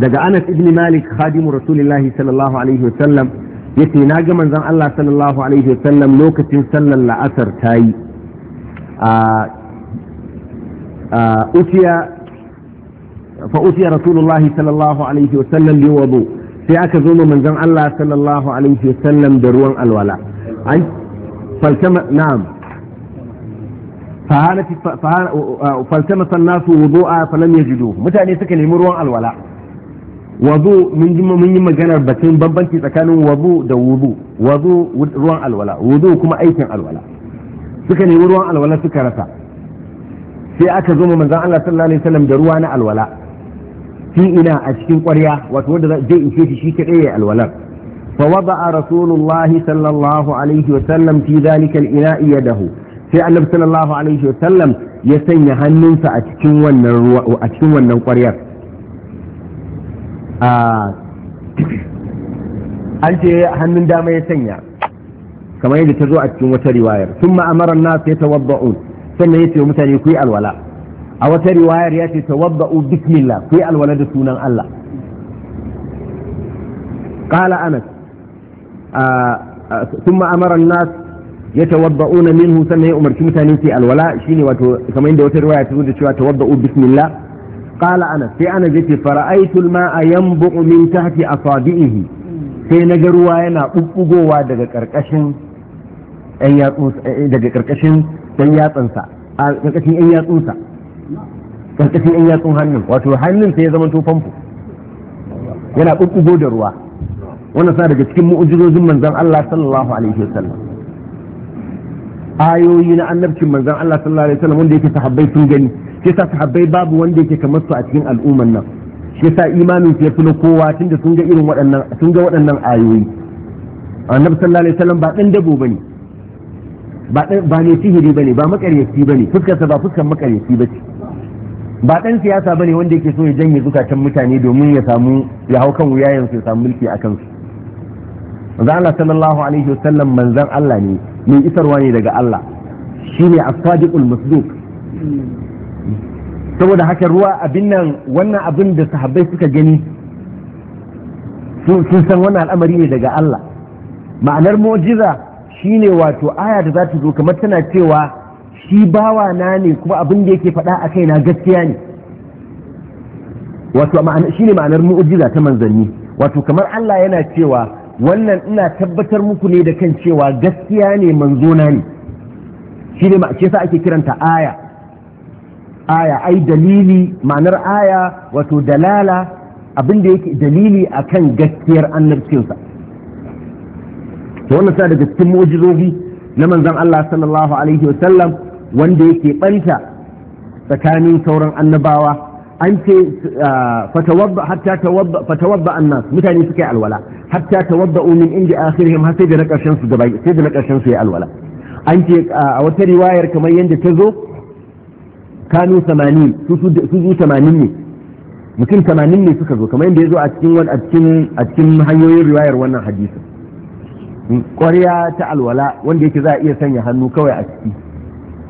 daga anas ibn malik khadimu rasulillahi sallallahu alaihi wasallam yace na ga manzon Allah sallallahu alaihi wasallam lokacin sallar la'asar tayi a utiya فأتي رسول الله صلى الله عليه وسلم بوضوء sai aka zo man zan Allah sallallahu alaihi wasallam da ruwan alwala an falsama na'am falsama sannasu wudu'a falam yajidu mutane suka nemi ruwan alwala wazu mun ji mun yi maganar batun bambanci tsakanin wazu da wudu wazu ruwan alwala wudu kuma aikin alwala suka nemi ruwan alwala suka rasa sai aka zo manzon Allah sallallahu alaihi wasallam da ruwa na alwala fi ina a cikin ƙwarya wato wanda zai ishe shi shi kaɗai ya alwalar فوضع رسول الله صلى الله عليه وسلم في ذلك الإناء يده sai annabi sallallahu alaihi wasallam ya sanya hannunsa a cikin wannan a ƙwaryar an ce hannun dama ya sanya kamar yadda ta zo a cikin wata riwayar sun ma'amaran nasu ya tawabba'un sannan ya ce mutane ku yi alwala a wata riwayar ya ce tawabba'u bismillah ku yi alwala da sunan Allah qala anas thumma amara an-nas yatawabba'una minhu sannan ya umarci mutane su alwala shine wato kamar inda wata riwaya ta zo da cewa tawabba'u bismillah qala anas sai anas yace fara'aytu al-ma'a yanbu'u min tahti asabi'ihi sai na ga ruwa yana bubbugowa daga karkashin ɗan eh, daga karkashin ɗan a karkashin ɗan yatsunsa karkashin yan yatsun hannun wato hannun sai ya zama to famfo yana bubbugo da ruwa wannan sa daga cikin mu'ujizozin manzon Allah sallallahu alaihi wasallam ayoyi na annabcin manzon Allah sallallahu alaihi wasallam wanda yake sahabbai sun gani shi sa sahabbai babu wanda yake kamar su a cikin al'umman nan shi sa imanin su ya fi kowa tunda sun ga irin waɗannan sun ga waɗannan ayoyi annabi sallallahu alaihi wasallam ba dan dabo bane ba ba ne sihiri bane ba makaryaci bane fuskar sa ba fuskar makaryaci bace ba ɗan siyasa bane wanda yake so ya janye zukatan mutane domin ya samu ya hau kan wuya yansu ya samu mulki a kansu manzo Allah sallallahu alaihi wasallam manzan Allah ne mai isarwa ne daga Allah shine as-sadiqul masduq saboda haka ruwa abin nan wannan abin da sahabbai suka gani sun san wannan al'amari ne daga Allah ma'anar mu'jiza shine wato aya da za ta zo kamar tana cewa shi bawa na ne kuma abin da yake faɗa a kaina gaskiya ne wato shi ne ma'anar mu'ujiza ta manzanni wato kamar Allah yana cewa wannan ina tabbatar muku ne da kan cewa gaskiya ne manzona ne shi ne ce sa ake kiranta aya aya ai dalili ma'anar aya wato dalala abin da yake dalili akan gaskiyar annabcinsa to wannan sa daga cikin mu'ujizobi na manzon Allah sallallahu alaihi wa sallam wanda yake banta tsakanin sauran annabawa an ce ah, fatawabba annas mutane suka yi alwala hatta tawabba'u Umin, inda akhirihim har sai da na karshen su gaba sai da na ƙarshen su yi alwala an ce ah, a wata riwayar kamar yadda ta zo kanu 80 su su 80 ne mutum 80 ne suka zo kamar yadda ya zo a cikin a cikin hanyoyin riwayar wannan hadisin hmm, ƙwarya ta alwala wanda yake za a iya sanya hannu kawai a ciki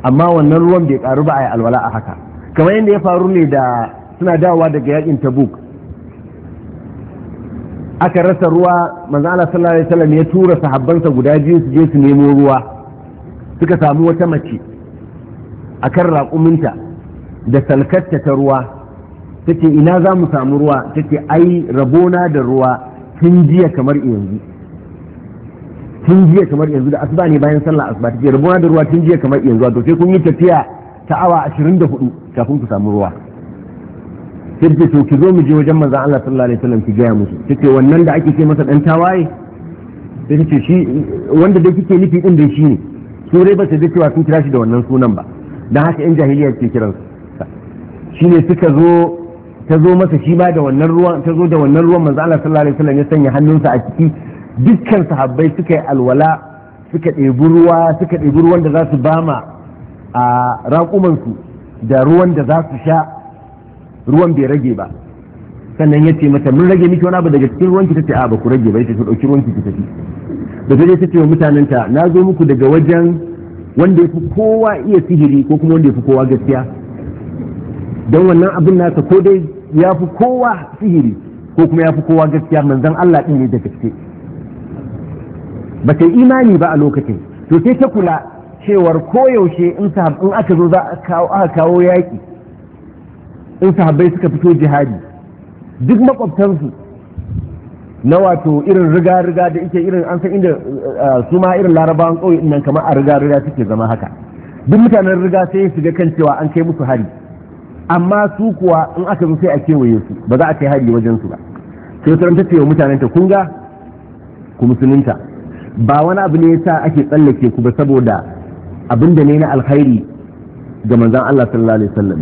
amma wannan ruwan bai karu ba a yi alwala a haka kamar yadda ya faru ne da suna dawowa daga yakin tabuk aka rasa ruwa manzo Allah sallallahu alaihi wasallam ya tura sahabbansa guda biyu su je su nemo ruwa suka samu wata mace a kan raƙuminta da salkatta ta ruwa tace ina za mu samu ruwa tace ai rabona da ruwa tun jiya kamar yanzu tun jiya kamar yanzu da asuba ne bayan sallah asuba take rabuwa da ruwa tun jiya kamar yanzu a sai kun yi tafiya ta awa ashirin da hudu kafin ku samu ruwa sai ce to ki zo mu je wajen manzon Allah sallallahu alaihi wasallam ki gaya musu take wannan da ake ce masa dan tawaye sai ce shi wanda da kike nufi din dai ne, su dai ba su da cewa sun kira shi da wannan sunan ba dan haka yan jahiliya ke kiran ne suka zo ta zo masa shi ba da wannan ruwan ta zo da wannan ruwan manzo Allah sallallahu alaihi wasallam ya sanya hannunsa a ciki dukkan sahabbai suka yi alwala suka ɗebi ruwa suka ɗebi ruwan da za su bama a raƙumansu da ruwan da za su sha ruwan bai rage ba sannan ya ce mata mun rage miki wani abu daga cikin ruwanki tace a ba ku rage ba yace ku ɗauki ruwanki ki tafi da ta je ta ce wa mutanenta na zo muku daga wajen wanda ya fi kowa iya sihiri ko kuma wanda ya fi kowa gaskiya don wannan abin nasa ko dai ya fi kowa sihiri ko kuma ya fi kowa gaskiya manzon Allah ɗin ne da gaske ba ta imani ba a lokacin to sai ta kula cewar koyaushe in aka zo za a kawo yaƙi in sahabbai suka fito jihadi duk makwabtansu na wato irin riga-riga da ita irin an san inda su ma irin larabawan ƙauye nan kamar a riga-riga suke zama haka duk mutanen riga sai ya shiga kan cewa an kai musu hari amma su kuwa in aka zo sai a kewaye su ba za a kai hari wajen su ba sai ta ce wa mutanen ta kunga ku musulunta ba wani abu ne yasa ake tsallake ku ba saboda abin da ne na alkhairi ga manzon Allah sallallahu alaihi wasallam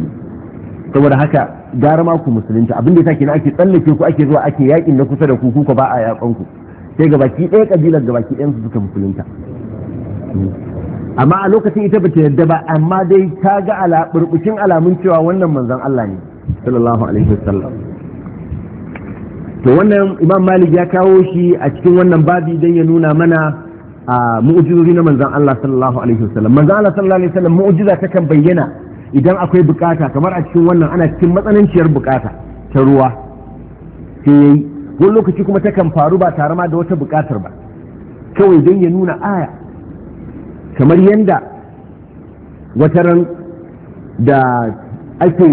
saboda haka gara ma ku musulunta abin da yasa kenan ake tsallake ku ake zuwa ake yakin na kusa da ku kuka ba a yakon ku sai gabaki ɗaya kabilar gabaki ɗayan su suka musulunta amma a lokacin ita bata yadda ba amma dai ta ga ala burbukin alamun cewa wannan manzon Allah ne sallallahu alaihi wasallam to wannan imam malik ya kawo shi a cikin wannan babi don ya nuna mana a mu'ujizozi na manzan Allah sallallahu alaihi wasallam manzan Allah sallallahu alaihi wasallam mu'ujiza ta kan bayyana idan akwai bukata kamar a cikin wannan ana cikin matsananciyar bukata ta ruwa sai yayi wani lokaci kuma ta kan faru ba tare ma da wata bukatar ba kawai don ya nuna aya kamar yanda wataran da ake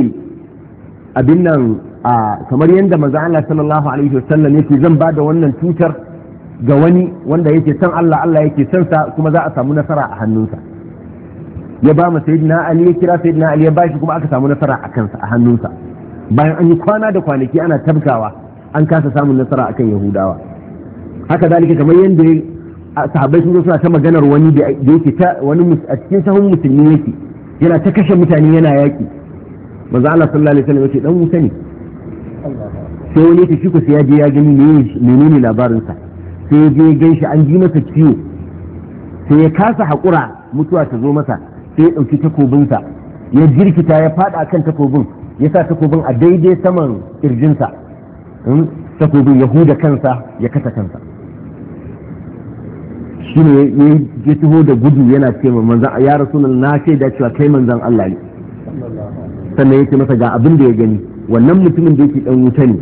abin nan a kamar yadda maza Allah sallallahu alaihi wasallam yake zan ba da wannan cutar ga wani wanda yake san Allah Allah yake san sa kuma za a samu nasara a hannunsa ya ba mu sayyidina Ali ya kira sayyidina Ali ya bashi kuma aka samu nasara a kansa a hannunsa bayan an yi kwana da kwanaki ana tabkawa an kasa samun nasara akan Yahudawa haka dalika kamar yadda sahabbai sun zo suna ta maganar wani da yake ta wani a cikin sahun musulmi yake yana ta kashe mutane yana yaki manzo Allah sallallahu alaihi wasallam ce dan wuta ne sai wani ta shiku sai ya je ya gani menene labarinsa sai ya je ya gan shi an ji masa ciwo sai ya kasa haƙura mutuwa ta zo masa sai ya ɗauki takobinsa ya jirkita ya faɗa kan takobin ya sa takobin a daidai saman ƙirjinsa hmm? takobin ya huda kansa ya kasa kansa shi ne ya taho da gudu yana ce ma manzan ya rasu na ce da cewa kai manzan Allah ne sannan ya ce masa ga abin da ya gani wannan mutumin da yake ɗan wuta ne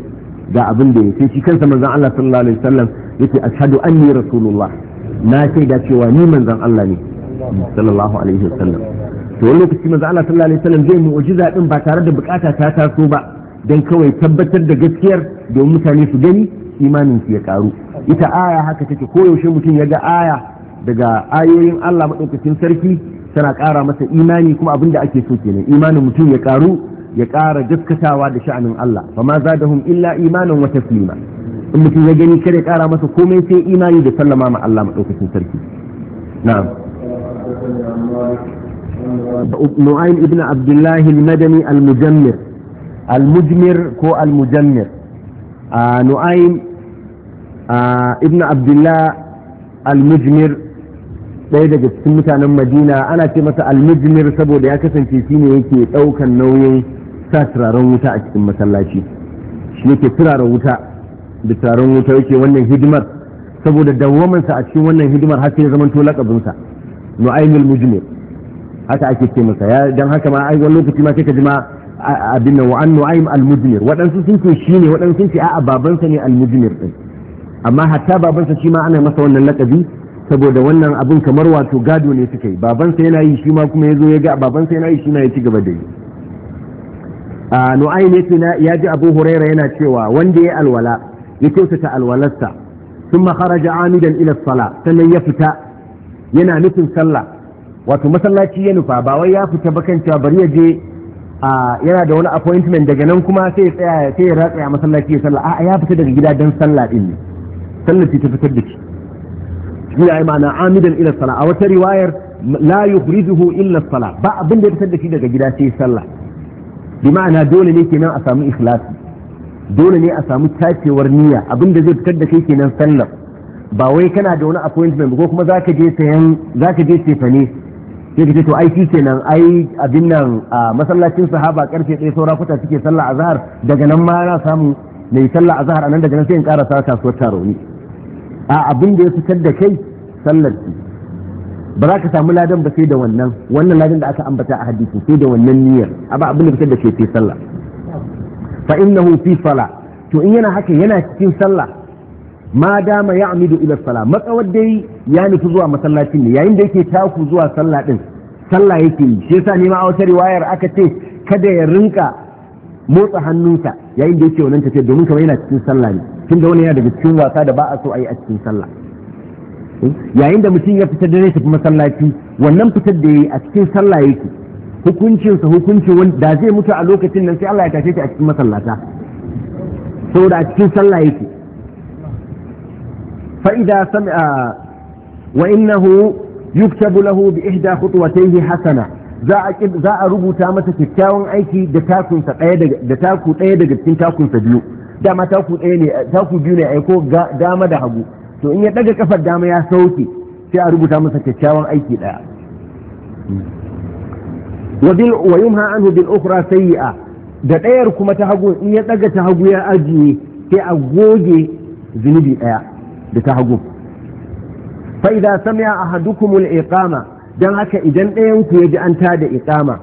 Da abin da yake shi kansa manzon Allah sallallahu alaihi wasallam yake ashhadu anni rasulullah na da cewa ni manzon Allah ne sallallahu alaihi wasallam to wani lokaci manzon Allah sallallahu alaihi wasallam zai mu'jiza din ba tare da bukata ta taso ba dan kawai tabbatar da gaskiyar domin mutane su gani imanin su ya karu ita aya haka take koyaushe mutum ya ga aya daga ayoyin Allah madaukakin sarki tana kara masa imani kuma abin da ake so kenan imanin mutum ya karu ya ƙara gaskatawa da sha'anin Allah fa ma zadahum illa imanan wa taslima in mutum ya gani kada ya ƙara masa komai sai imani da sallama ma Allah madaukakin sarki na'am Nu'aym ibn Abdullah al-Madani al-Mujammir al-Mujmir ko al-Mujammir Nu'aym ibn Abdullah al-Mujmir ɗaya daga cikin mutanen madina ana ce masa almijmir saboda ya kasance shi ne yake ɗaukan nauyin sa turaren wuta a cikin masallaci shi yake turaren wuta da turaren wuta yake wannan hidimar saboda dawwamansa a cikin wannan hidimar har sai ya zamanto lakabinsa nu'aymul mujmir haka ake ce masa ya dan haka ma ai wani lokaci ma sai ka ji ma abin nan wa an nu'aym al mujmir wadansu sun ce shi ne wadansu sun ce a'a babansa ne al mujmir din amma hatta babansa shi ma ana masa wannan lakabi saboda wannan abin kamar wato gado ne suka yi babansa yana yi shi ma kuma ya zo ya ga babansa yana yi shi ma ya ci gaba da yi nu'ayn yace ya ji abu huraira yana cewa wanda ya alwala ya kyautata alwalarsa sun kharaja amidan ila sala sannan ya fita yana nufin sallah wato masallaci ya nufa ba wai ya fita ba kan cewa bari ya je yana da wani appointment daga nan kuma sai ya tsaya sai ya ratsa a masallaci ya sallah a'a ya fita daga gida dan sallah din ne sallar ta fitar da shi shi ne ma'ana amidan ila sala a wata riwayar la yukhrijuhu illa sala ba abin da ya fitar da shi daga gida sai sallah bi ma'ana dole ne kenan a samu ikhlasi dole ne a samu tacewar niyya abinda zai fitar da kai kenan sallar ba wai kana da wani appointment ko kuma zaka je sayan zaka je cefane sai ka ce to ai kenan ai abin nan a masallacin sahaba karfe ɗaya saura kuta suke sallah azhar daga nan ma na samu mai sallah azhar anan daga nan sai in ƙara sa kasuwar taro a abin ya fitar da kai sallar ba za ka samu ladan ba sai da wannan wannan ladan da aka ambata a hadisi sai da wannan niyyar ba abin da fitar da ke sai sallah fa innahu fi sala to in yana haka yana cikin sallah ma dama ya amidu ila sala matsawar dai ya nufi zuwa masallacin ne yayin da yake taku zuwa sallah din sallah yake yi shi yasa nema a wata riwayar aka ce kada ya rinka motsa hannunsa yayin da yake wannan tafiyar domin kamar yana cikin sallah ne tunda wani yana daga cikin wasa da ba a so a yi a cikin sallah yayin da mutum ya fita da zai tafi masallaci wannan fitar da yayi a cikin sallah yake hukuncinsa hukuncin da zai mutu a lokacin nan sai Allah ya tashe shi a cikin masallata saboda a cikin sallah yake fa idza sami'a wa innahu yuktabu lahu bi ihda khutwatayhi hasana za a rubuta masa kyakkyawan aiki da takunsa ɗaya da taku ɗaya daga cikin takunsa biyu dama taku ɗaya ne taku biyu ne aiko dama da hagu to in ya daga kafar dama ya sauke sai a rubuta masa kyakkyawan aiki daya wa yumha anhu bil ukhra sayyi'a da dayar kuma ta hagu in ya daga ta hagu ya ajiye sai a goge zunubi daya da ta hagu fa idza sami'a ahadukum al iqama dan haka idan dayan ku yaji an tada iqama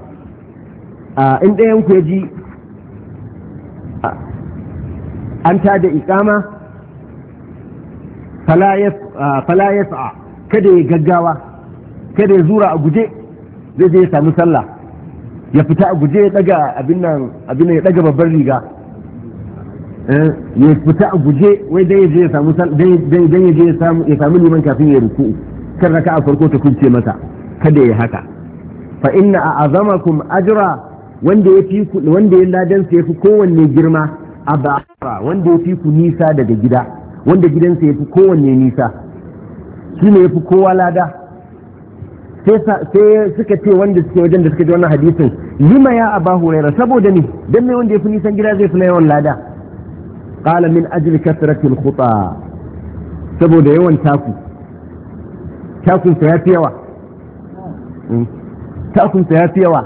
in dayan ku yaji an tada iqama fala yas'a ah, kada ya gaggawa kada ya zura a guje zai je ya sami sallah ya fita a guje ya daga abin nan abin ya daga babbar riga eh, ya fita a guje wai dan ya je ya samu dan ya je ya samu ya samu liman kafin ya ruku'u kan a farko ta kunce masa kada ya haka fa inna a'azamakum ajra wanda ya fi wanda ya ladan sa yafi kowanne girma a wanda ya fi ku nisa daga gida wanda gidansa ya fi kowanne nisa shi ne ya fi kowa lada sai suka ce wanda suke wajen da suka ji wannan hadisin lima ya aba huraira saboda ni dan me wanda ya fi nisan gida zai fi na yawan lada qala min ajli kasratil khuta saboda yawan taku takunsa ya fi yawa hmm. yawa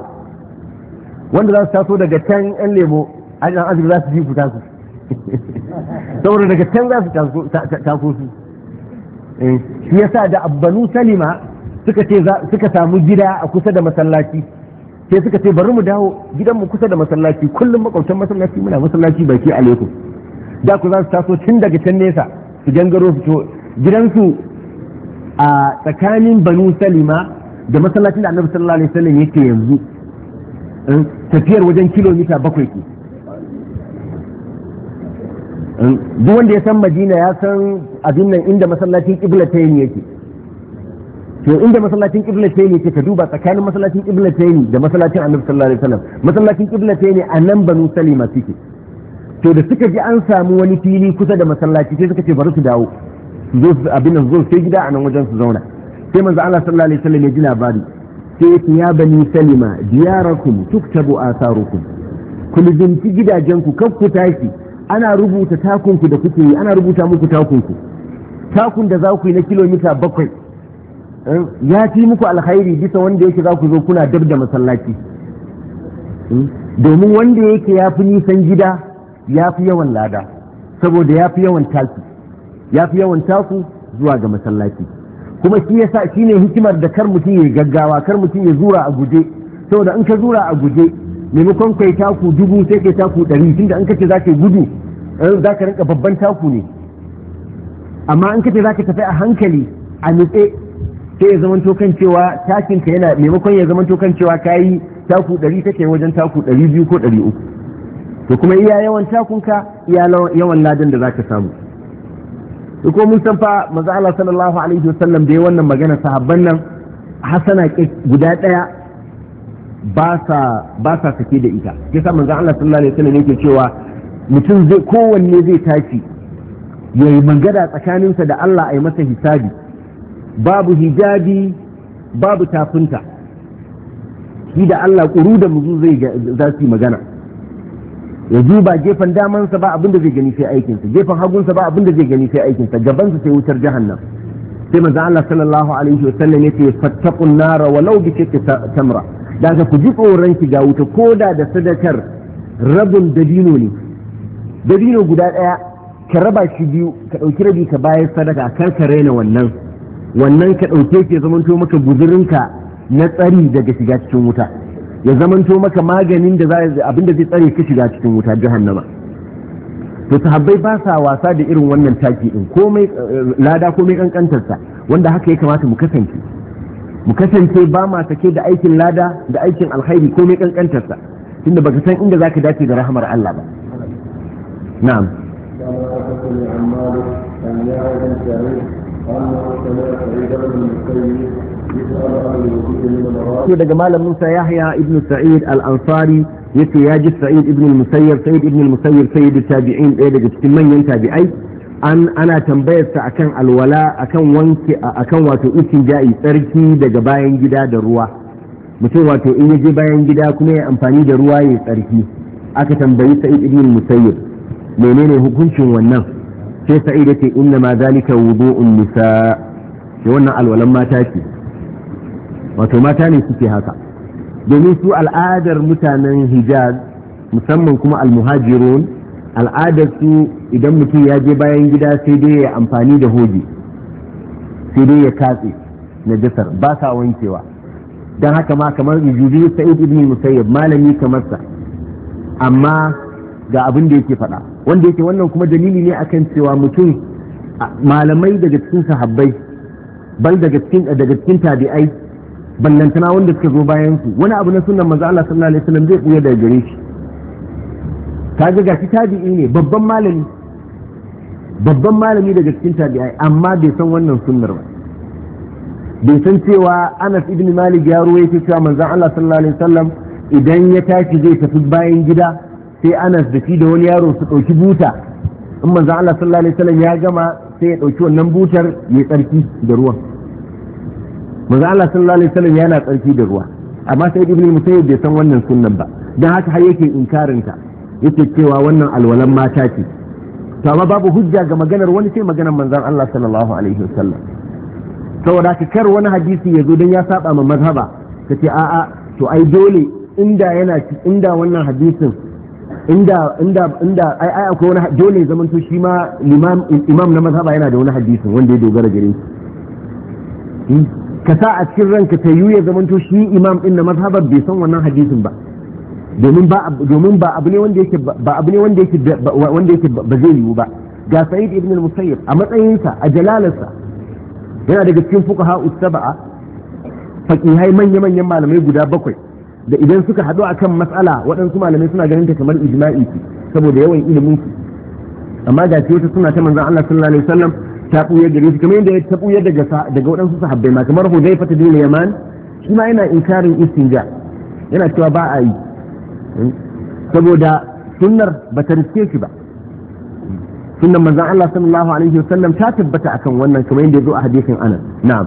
wanda za su taso daga can yan lebo a ajiyar za su ji ku taso saboda daga can za su tako su eh, shi yasa da abbanu salima suka samu gida a kusa da masallaci sai suka ce bari mu dawo gidan mu kusa da masallaci kullum makwabtan masallaci muna masallaci baki leku da ku za su taso tun daga can nesa su gangaro su to gidansu a tsakanin banu salima da masallacin da annabi sallallahu alaihi wasallam yake yanzu eh, tafiyar wajen kilomita bakwai ke duk wanda ya san madina ya san abin nan inda masallacin ta qiblatain yake to inda masallacin ta qiblatain yake ka duba tsakanin masallacin ta qiblatain da masallacin annabi sallallahu alaihi wasallam masallacin qiblatain a nan banu salima suke to da suka ji an samu wani fili kusa da masallaci sai suka ce bari su dawo su zo su abin nan zo su gida a nan wajen su zauna sai manzo Allah sallallahu alaihi wasallam ya ji labari sai yake ya bani salima diyarakum tuktabu atharukum ku lizinci gidajenku ku ku tashi ana rubuta takunku da kuke yi ana rubuta muku takunku takun da za ku yi na kilomita bakwai eh, ya fi muku alkhairi bisa wanda yake za ku zo kuna dab da masallaci hmm? domin wanda yake ya fi nisan gida ya fi yawan lada saboda ya fi yawan taku ya fi yawan taku zuwa ga masallaci kuma shi ya sa shi ne hikimar da kar mutum ya gaggawa kar mutum ya zura a guje saboda in ka zura a guje maimakon kai taku dubu sai kai taku ɗari tunda in kace za ka gudu Yanzu za ka rinka babban taku ne amma in kace za ka tafi a hankali a nutse sai ya zamanto kan cewa takinka yana maimakon ya zamanto kan cewa ka yi taku ɗari take wajen taku ɗari biyu ko ɗari uku to kuma iya yawan takunka iya yawan ladan da za ka samu to ko mun san fa maza Allah sallallahu alaihi wa sallam da wannan magana sahabban nan hasana guda ɗaya ba sa sake da ita yasa manzo Allah sallallahu alaihi sallam yake cewa mutum zai kowanne zai tashi ya yi mangada tsakaninsa da Allah a yi masa hisabi babu hijabi babu tafinta shi da Allah ƙuru da muzu zai za su yi magana ya duba gefen damansa ba abinda zai gani sai aikinsa gefen hagunsa ba abinda zai gani sai aikinsa gabansa sai wutar jahannam sai manzo Allah sallallahu alaihi wa sallam yace fattaqun nara walau bi shakki tamra daga ka ku ji tsoron ki ga wuta koda da sadakar rabin dabino ne dabino guda ɗaya ka raba shi biyu ka ɗauki rabi ka bayar sadaka kar ka raina wannan wannan ka ɗauke ke ya zamanto maka guzurinka na tsari daga shiga cikin wuta ya zamanto maka maganin da abin da zai tsare ka shiga cikin wuta jahannama to sahabbai ba sa wasa da irin wannan taki din komai eh, lada komai kankantarsa wanda haka ya kamata mu kasance mu kasance ba ma sake da aikin lada da aikin alkhairi komai kankantarsa tunda baka san inda zaka dace da rahmar Allah ba نعم كان حدثني عن مالك عن يعقوب بن سعيد انه سمع سعيد بن المسيب to daga malam Musa Yahya ibn Sa'id al-Ansari yace ya ji Sa'id ibn al-Musayyib Sa'id ibn al-Musayyib sayyid tabi'in ɗaya daga cikin manyan tabi'ai an ana tambayar sa akan alwala akan wanke akan wato ikin ja'i tsarki daga bayan gida da ruwa mutum wato in ya je bayan gida kuma ya amfani da ruwa ya tsarki aka tambayi Sa'id ibn al-Musayyib menene hukuncin wannan sai sa'id yace inna ma zalika wudu'un nisa shi wannan alwalan mata ce wato mata ne suke haka domin su al'adar mutanen hijaz musamman kuma almuhajirun al'adar su idan mutum ya je bayan gida sai dai ya amfani da hoji sai dai ya katse na jasar ba sa wankewa don haka ma kamar jubi sa'id ibn musayyab malami kamar sa amma ga abin da yake faɗa wanda yake wannan kuma dalili ne akan cewa mutum malamai daga cikin sahabbai bal daga cikin daga cikin tabi'ai ballantana wanda suka zo bayan su wani abu na sunnan manzo Allah sallallahu alaihi wasallam zai buya daga gare shi kaga gashi tabi'i ne babban malami babban malami daga cikin tabi'ai amma bai san wannan sunnar ba bai san cewa Anas ibn Malik ya ruwaye cewa manzo Allah sallallahu alaihi wasallam idan ya tashi zai tafi bayan gida sai anas da shi da wani yaro su ɗauki buta in manzan Allah sallallahu alaihi wasallam ya gama sai ya ɗauki wannan butar ya tsarki da ruwan manzan Allah sallallahu alaihi wasallam yana tsarki da ruwa amma sai ibn musayyib bai san wannan sunnan ba dan haka har yake ta yake cewa wannan alwalan mata ce to amma babu hujja ga maganar wani sai maganar manzan Allah sallallahu alaihi wasallam saboda ka kar wani hadisi ya zo dan ya saba ma mazhaba kace a'a to ai dole inda yana inda wannan hadisin inda inda inda ai ai akwai wani dole zaman to shi ma imam imam na mazhaba yana da wani hadisi wanda ya dogara gare shi hmm? ka sa a cikin ranka ta yi ya zaman to shi imam din na mazhaba bai san wannan hadisin ba domin ba domin ba abu ne wanda yake ba abu ne wanda yake wanda yake ba zai yiwu ba ga sa'id ibn al-musayyib a matsayinsa a jalalarsa yana daga cikin fuqaha us-sab'a fakihai manya-manyan malamai guda bakwai da idan suka haɗu akan matsala waɗansu malamai suna ganin ta kamar ijma'i saboda yawan ilimin su amma ga ce suna ta manzon Allah sallallahu alaihi wasallam ta buye gare shi kamar yadda ta buye daga daga waɗansu sahabbai ma kamar Hudayfa ta bin Yaman shi ma yana inkarin istinja yana cewa ba a yi saboda sunnar ba ta riske shi ba sunnan manzon Allah sallallahu alaihi wasallam ta tabbata akan wannan kamar yadda ya zo a hadisin Anas na'am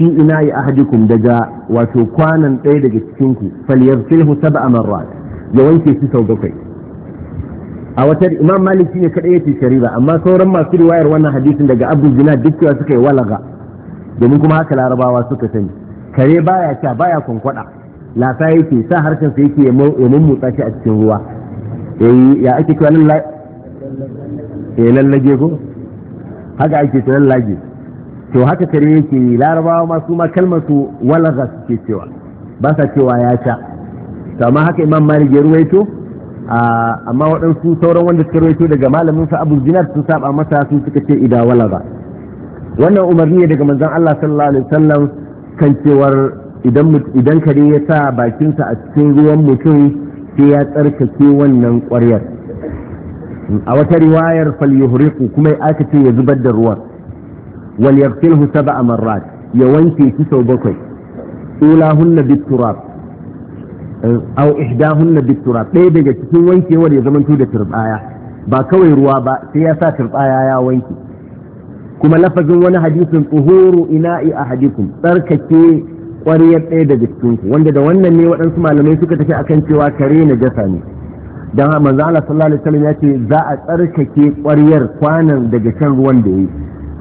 fi ina ya ahadikum daga wato kwanan ɗaya daga cikin ku falyarsilhu sab'a marrat ya wanke shi sau bakwai a wata imam malik shine kadai yace shari'a amma sauran masu riwayar wannan hadisin daga abu zina duk suka yi walaga domin kuma haka larabawa suka sani kare baya sha baya kwankwada lasa yake sa harkan sa yake ya mummutsa shi a cikin ruwa ya ake la nan eh, lallage ko haka ake kiwa nan lallage to haka kare yake yi larabawa ma su ma kalmar su walaga suke cewa ba sa cewa ya sha to amma haka imam malik ya ruwaito amma waɗansu sauran wanda suka ruwaito daga malamin sa abu zinar sun saba masa sun suka ce ida walaga wannan umarni ne daga manzon Allah sallallahu alaihi wasallam kan cewar idan idan kare ya sa bakinsa a cikin ruwan mutum sai ya tsarkake wannan ƙwaryar a wata riwayar falyuhriqu kuma aka ce ya zubar da ruwan wal yaghsilhu sab'a marrat ya wanke shi sau bakwai ulahunna biturab aw ihdahunna biturab ɗaya daga cikin wankewar ya zamanto da turbaya ba kawai ruwa ba sai ya sa turbaya ya wanke kuma lafazin wani hadisin tsuhuru ina'i ahadikum tsarkake ƙwariyar ɗaya daga cikinku wanda da wannan ne waɗansu malamai suka tafi akan cewa kare na jasa ne don manzo Allah sallallahu alaihi wasallam ya ce za a tsarkake ƙwariyar kwanan daga shan ruwan da yi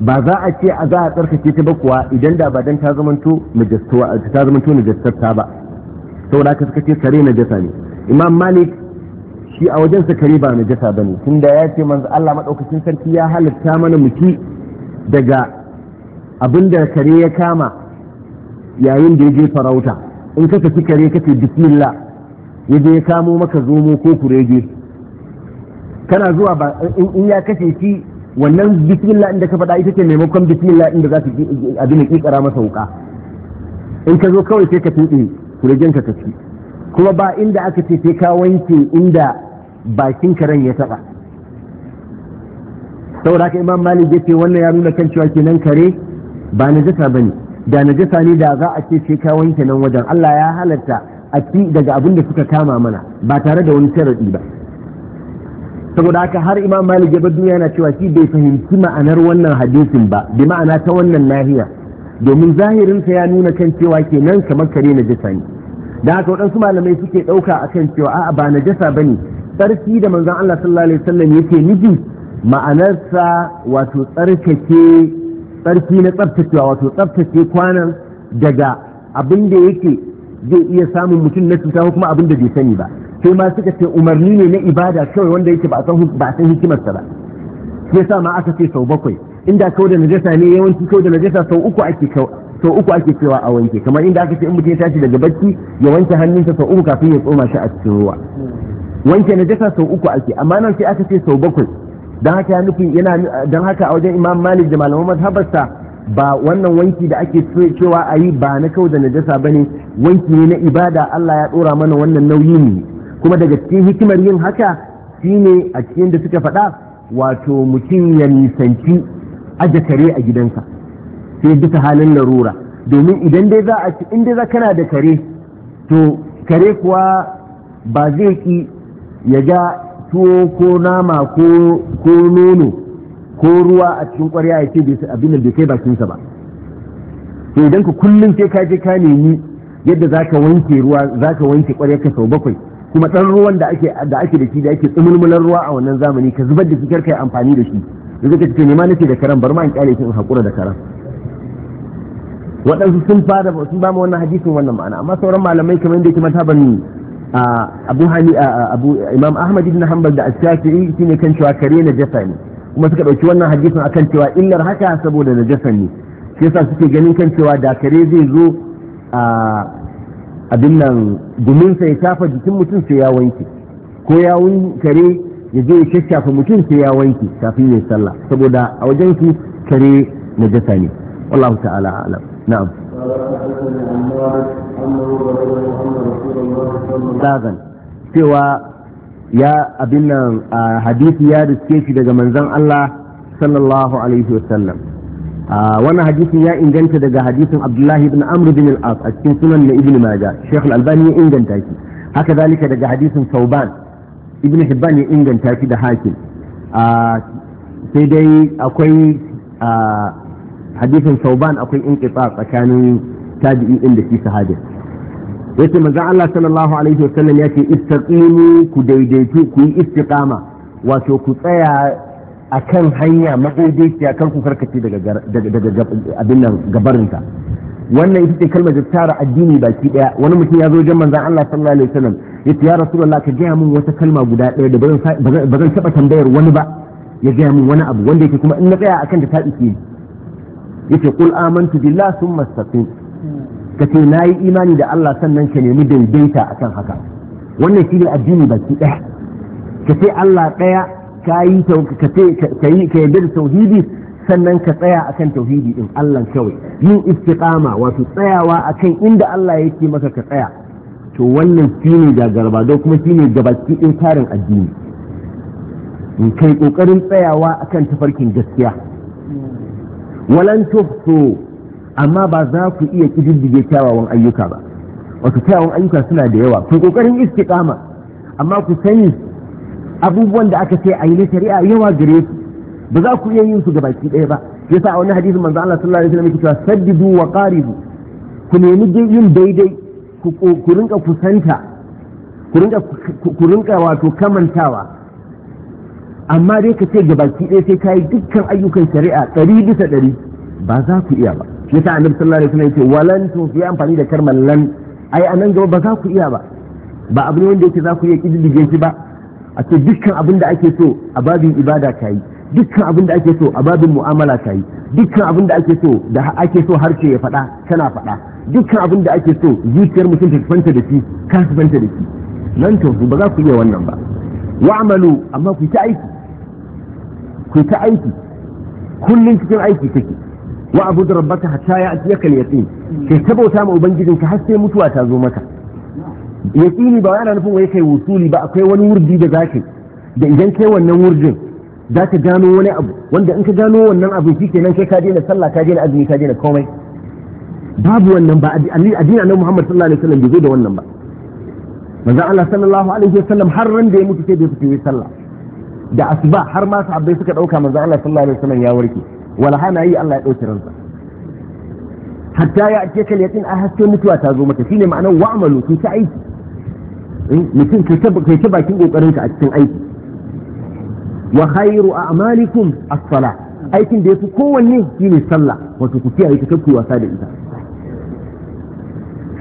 ba za a ce a za a tsarkake ta ba kuwa idan da ba dan ta zamanto najastuwa ta zamanto Sau ba saboda haka suka ce kare najasa ne imam malik shi a wajen sa kare ba najasa bane tunda ya ce manzo Allah madaukakin sarki ya halitta mana muki daga abin da kare ya kama yayin da ya je farauta in ka tafi kare ka ce bismillah ya je ya kamo maka zomo ko kurege kana zuwa ba in ya kashe shi wannan bismillah inda ka faɗa ita ce maimakon bismillah inda za su abin kikara masa wuka in ka zo kawai sai ka tuɗe kuregen ka kaci kuma ba inda aka ce sai ka wanke inda bakin karen ya taɓa saboda haka imam malik ya ce wannan ya nuna kan cewa kenan kare ba jasa ba ne da jasa ne da za a ce sai ka wanke nan wajen allah ya halarta a ci daga abin da suka kama mana ba tare da wani sharaɗi ba saboda haka har imam malik ya bar duniya yana cewa shi bai fahimci ma'anar wannan hadisin ba bi ma'ana ta wannan nahiya domin zahirinsa ya nuna kan cewa kenan kamar kare na jasa ne da haka waɗansu malamai suke ɗauka akan cewa a'a ba na jasa bane tsarki da manzon Allah sallallahu alaihi wasallam yake ma'anar sa wato tsarkake tsarki na tsaftacewa wato tsaftace kwanan daga abin da yake zai iya samun mutum na cuta ko kuma abin da bai sani ba sai ma suka ce umarni ne na ibada kawai wanda yake ba a san hikimarsa ba sai yasa ma aka ce sau bakwai inda kawai da najasa ne yawanci kawai da najasa sau uku ake sau uku ake cewa a wanke kamar inda aka ce in mutum ya tashi daga bacci ya wanke hannunsa sau uku kafin ya tsoma shi a cikin ruwa wanke najasa sau uku ake amma nan sai aka ce sau bakwai dan haka ya nufin yana dan haka a wajen imam malik da malaman mazhabarsa ba wannan wanki da ake cewa a yi ba na kawai da najasa ne. wanki ne na ibada Allah ya ɗora mana wannan nauyi ne kuma daga cikin hikimar yin haka shine a cikin da suka faɗa wato mutum ya nisanci aje kare a gidansa sai duka halin larura domin idan dai za a ci in dai za kana da kare to kare kuwa ba zai ki ya ga tuwo ko nama ko nono ko ruwa a cikin kwarya ya ce abin da bai kai bakinsa ba to idan ka kullum sai ka je ka nemi yadda za ka wanke ruwa za ka wanke kwarya ka sau bakwai kuma ɗan ruwan da ake da ake da shi da ake tsumulmulan ruwa a wannan zamani ka zubar da shi kar kai amfani da shi yanzu ka ce nema nake da karan bar ma in kyale shi in hakura da karan waɗansu sun fara sun ba mu wannan hadisin wannan ma'ana amma sauran malamai kamar yadda yake a abu hani abu imam ahmad ibn hanbal da ash-shafi'i shine kan cewa kare na jasa ne kuma suka dauki wannan hadisin akan cewa illar haka saboda jasa ne shi yasa suke ganin kan cewa da kare zai zo a abin nan guminsa ya shafa jikin mutum sai ya wanke ko yawun kare ya je ya shashafa mutum sai ya wanke kafin ya sallah saboda a wajen su kare na jasa ne wallahu ta'ala alam na'am dagan cewa ya abin nan a hadisi ya riske shi daga manzon Allah sallallahu alaihi wasallam Ah, wannan hadisin ya inganta daga hadisin Abdullahi ibn Amr bin al-As a cikin sunan na Ibn Majah Sheikh al-Albani ya inganta shi haka zalika daga hadisin Sauban Ibn Hibban ya inganta shi da hakim ah, sai dai akwai ah, hadisin Sauban akwai inqita tsakanin tabi'i din da shi sahabi yace manzon Allah sallallahu alaihi wasallam yace istaqimu ku daidaitu ku yi istiqama wato ku tsaya a kan hanya madaidaiciya kan ku karkace daga abin nan gabarinta wannan ita ce kalmar da tara addini baki daya wani mutum ya zo wajen manzon Allah sallallahu alaihi wasallam ce ya rasulullah ka gaya min wata kalma guda daya da ba zan taba tambayar wani ba ya gaya min wani abu wanda yake kuma in na tsaya akan da ta ike yace qul amantu billahi thumma istaqim kace nayi imani da Allah sannan ka nemi daidaita akan haka wannan shine addini baki daya kace Allah daya ka yi ka yarda da tauhidi sannan ka tsaya akan tauhidi din Allah kawai yin istiqama wato tsayawa akan inda Allah yake maka ka tsaya to wannan shine gagarba don kuma shine gabaki din tarin addini in kai kokarin tsayawa akan tafarkin gaskiya walan tuftu amma ba za ku iya kididdige kyawawan ayyuka ba wato kyawawan ayyuka suna da yawa ku kokarin istiqama amma ku sani abubuwan da aka ce a yi na shari'a yawa gare su ba za ku iya yin su gabaki ɗaya ba yasa a wani hadisin manzo Allah sallallahu alaihi wasallam yake cewa saddidu wa qaribu ku nemi yin daidai ku rinka kusanta ku rinka wato kamantawa amma dai ka ce gabaki ɗaya sai ka yi dukkan ayyukan shari'a ɗari bisa ɗari ba za ku iya ba yasa annabi sallallahu alaihi wasallam yake walan to fi amfani da karman lan ai anan gaba ba za ku iya ba ba abu ne wanda yake za ku iya kididdige shi ba a ce dukkan abin da ake so a babin ibada ka yi dukkan abin da ake so a babin mu'amala ka yi dukkan abin da ake so da ake so harshe ya faɗa kana faɗa dukkan abin da ake so zuciyar mutum ta fanta da shi ka fanta da shi nan to ba za ku iya wannan ba wa'malu amma ku ta aiki ku ta aiki kullun cikin aiki take? wa abudu rabbaka hatta ya'tiyaka al-yaqin kai ta bauta ma ubangijinka har sai mutuwa ta zo maka yaqini ba yana nufin wai kai wusuli ba akwai wani wurdi da zaka da idan kai wannan wurdin za ka gano wani abu wanda in ka gano wannan abu shikenan kai ka daina sallah ka daina azumi ka daina komai babu wannan ba addini na Muhammad sallallahu alaihi wasallam bai zo da wannan ba manzon Allah sallallahu alaihi wasallam har ran da ya mutu sai bai fito yi sallah da asuba har ma sahabbai suka dauka manzon Allah sallallahu alaihi wasallam ya warke wala hana yi Allah ya dauki ransa hatta ya ake kal yakin a haske mutuwa ta zo maka shine ma'anar wa'malu ku ta aiki eh, mutum kai ta bakin kokarin ka a cikin aiki wa khairu a'malikum as asfala. aikin da yafi kowanne shine sallah wato ku kiyaye ta kai wasa da ita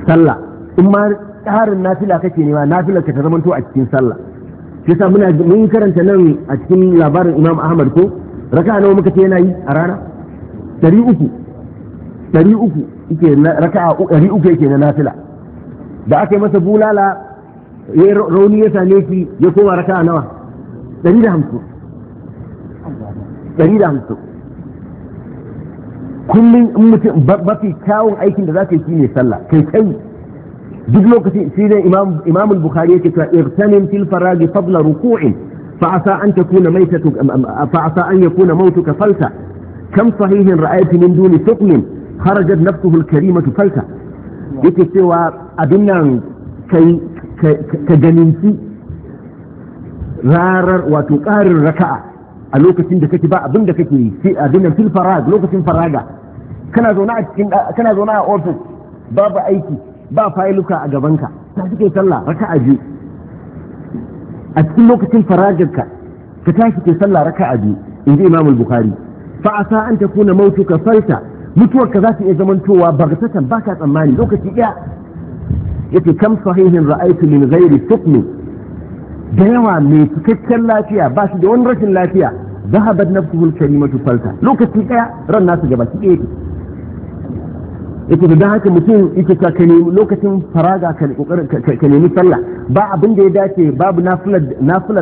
sallah in ma tsarin nafila kake nema nafilar ka ta to a cikin sallah shi yasa muna mun karanta nan a cikin labarin Imam Ahmad ko raka'a nawa muka ce yana yi a rana 300 ɗari uku yake na nafila da aka yi masa bulala ya rauni ya same shi ya koma a nawa ɗari da hamsin ɗari da hamsin kullum in mutum mafi kyawun aikin da za ka yi shi ne sallah kai kai duk lokacin shi ne imam al-bukhari yake cewa irtanim fil faragi fadla ruku'in فعسى أن تكون ميتك فعسى أن يكون موتك فلتا كم صحيح رأيت من دون ثقل kharajat nafsuhu alkarimatu falta yake cewa abin nan kai ka ganinci rarar wato ƙarin raka'a a lokacin da kake ba abin da kake yi abin nan fil farag lokacin faraga kana zauna a cikin kana zauna a office babu aiki ba failuka a gabanka ta suke sallah raka'a biyu a cikin lokacin faragarka ka tashi ke sallah raka'a biyu in ji imamul bukhari fa asa an takuna mautuka falta mutuwar ka za ta iya zamantowa bagatatan ba ka tsammani lokaci ɗaya ce kam sahihin ra'aitu min ghairi sukmi da yawa mai cikakken lafiya ba shi da wani rashin lafiya zahabat nafsuhul karimatu falta lokaci ɗaya ran nasu gaba ki ɗaya yake da haka mutum yake ka ka nemi lokacin faraga ka nemi sallah ba abin da ya dace babu nafilar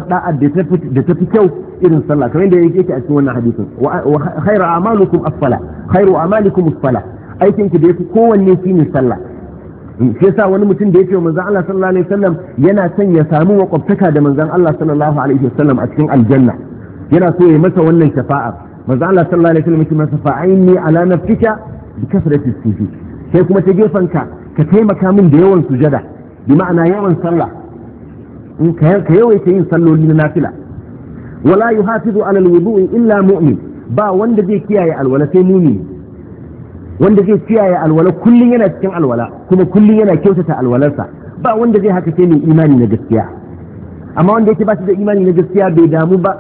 da'ar da ta fi kyau irin sallah kamar yadda yake a cikin wannan hadisin wa khairu amalukum asfala sala khairu amalikum as-sala aikin ki da yafi kowanne shine sallah shi yasa wani mutum da yake manzon Allah sallallahu alaihi wasallam yana son ya samu makwabtaka da manzon Allah sallallahu alaihi wasallam a cikin aljanna yana so ya yi masa wannan shafa'a manzon Allah sallallahu alaihi wasallam ya masa fa'aini ala nafsika bi kasrati sujud sai kuma ta gefen ka ka taimaka min da yawan sujada bi ma'ana yawan sallah in ka yawaita yin salloli na nafila wala yuhafizu ala alwudu'i illa mu'min ba wanda zai kiyaye alwala sai mu'min wanda zai kiyaye alwala kullun yana cikin alwala kuma kullun yana kyautata alwalarsa ba wanda zai haka sai mai imani na gaskiya amma wanda yake ba shi da imani na gaskiya bai damu ba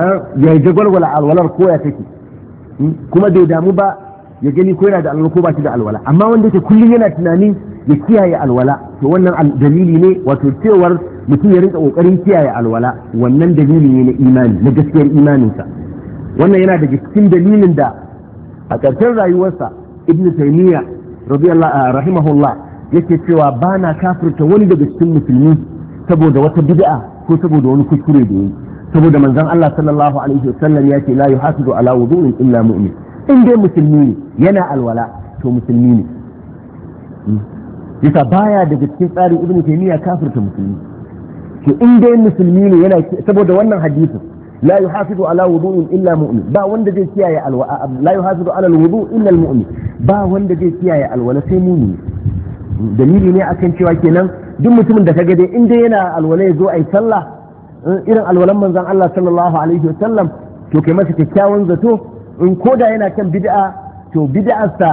eh, ya jagwalwala alwalar koya take hmm? kuma bai damu ba ya gani ko yana da alwala ko ba shi da alwala amma wanda yake kullum yana tunani ya kiyaye alwala to wannan dalili ne wato cewar mutum ya rinka kokarin kiyaye alwala wannan dalili ne na imani na gaskiyar imaninsa wannan yana daga cikin dalilin da a ƙarshen rayuwarsa ibn taymiya radiyallahu ah, rahimahullah yake cewa ba na kafirta wani daga cikin musulmi saboda wata bid'a ko saboda wani kuskure da yi saboda manzon Allah sallallahu alaihi wasallam ya ce la yuhasidu ala wudu'in illa mu'min in dai musulmi ne yana alwala to musulmi ne yasa baya daga cikin tsarin ibn taymiya kafirta musulmi to in dai musulmi ne yana saboda wannan hadisi la يحافظ ala wudu'in illa mu'min ba wanda zai kiyaye alwala la yuhafizu ala alwudu illa mu'min ba wanda zai kiyaye alwala sai mu'min dalili ne akan cewa kenan duk mutumin da kaga dai in dai yana alwala ya zo ai sallah eh, irin alwalan manzon Allah sallallahu alaihi wasallam to kai masa kyakkyawan zato in koda yana kan bid'a to bid'arsa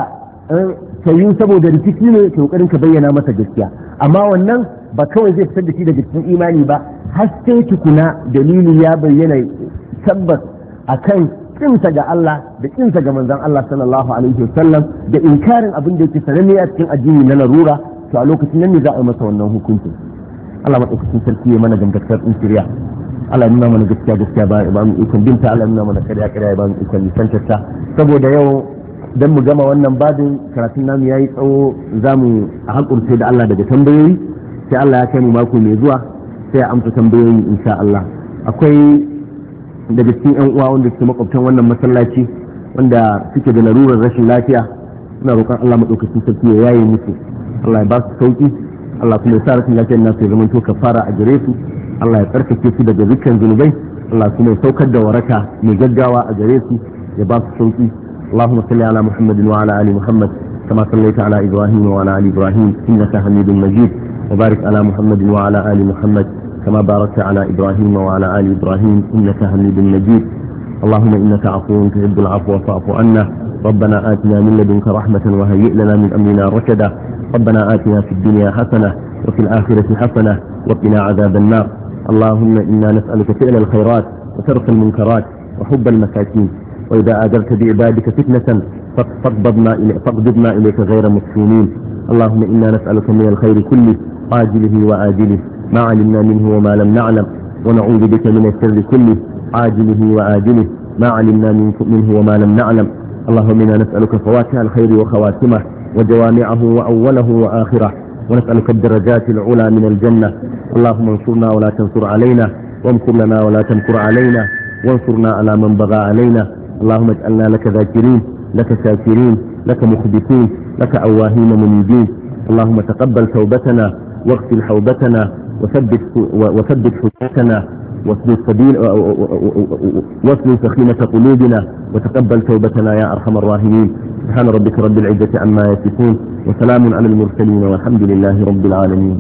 eh, ta yi saboda rikici ne kokarin ka bayyana masa gaskiya amma wannan ba kawai zai fitar da shi daga cikin imani ba har sai tukuna dalili ya bayyana tabbas akan kinsa ga Allah da kinsa ga manzon Allah sallallahu alaihi wasallam da inkarin abin da yake sananne a cikin addini na larura to a lokacin nan ne za a yi masa wannan hukuncin Allah madaukakin sarki ya mana gamgaskar in shirya Allah nuna mana gaskiya gaskiya ba ba mu ikon binta Allah nuna mana kariya kariya ba mu ikon nisantar ta saboda yau dan mu gama wannan badin karatun namu yayi tsawo zamu hakurce da Allah daga tambayoyi sai Allah ya kai mu mako mai zuwa sai ya amsa tambayoyi insha Allah akwai daga cikin yan uwa wanda suke makwabtan wannan masallaci wanda suke da larurar rashin lafiya suna roƙon Allah madaukakin sarki ya yaye musu Allah ya ba su sauki Allah kuma ya sa rashin lafiyar nasu ya zama to kafara a gare su الله ya tsarkake su daga dukkan zunubai Allah kuma ya saukar da waraka mai gaggawa اللهم صل على محمد وعلى ال محمد كما صليت على ابراهيم وعلى ال ابراهيم انك حميد مجيد وبارك على محمد وعلى ال محمد كما باركت على ابراهيم وعلى ال ابراهيم انك حميد مجيد اللهم انك عفو تحب العفو فاعف عنا ربنا اتنا من لدنك رحمه وهيئ لنا من امرنا رشدا ربنا اتنا في الدنيا حسنه وفي الاخره حسنه وقنا عذاب النار اللهم إنا نسألك فعل الخيرات وترك المنكرات وحب المساكين وإذا آجرت بعبادك فتنة فاقبضنا إليك غير مسلمين اللهم إنا نسألك من الخير كله عاجله وآجله ما علمنا منه وما لم نعلم ونعوذ بك من الشر كله عاجله وآجله ما علمنا منه وما لم نعلم اللهم إنا نسألك فواكه الخير وخواتمه وجوامعه وأوله وآخره ونسألك الدرجات العلى من الجنة اللهم انصرنا ولا تنصر علينا وامكر لنا ولا تمكر علينا وانصرنا على من بغى علينا اللهم اجعلنا لك ذاكرين لك شاكرين لك مخبتين لك أواهين منيبين اللهم تقبل توبتنا واغسل حوبتنا وثبت وثبت حجتنا واسلل سبيل واسلل سخيمة قلوبنا وتقبل توبتنا يا أرحم الراحمين سبحان ربك رب العزة عما يصفون وسلام على المرسلين والحمد لله رب العالمين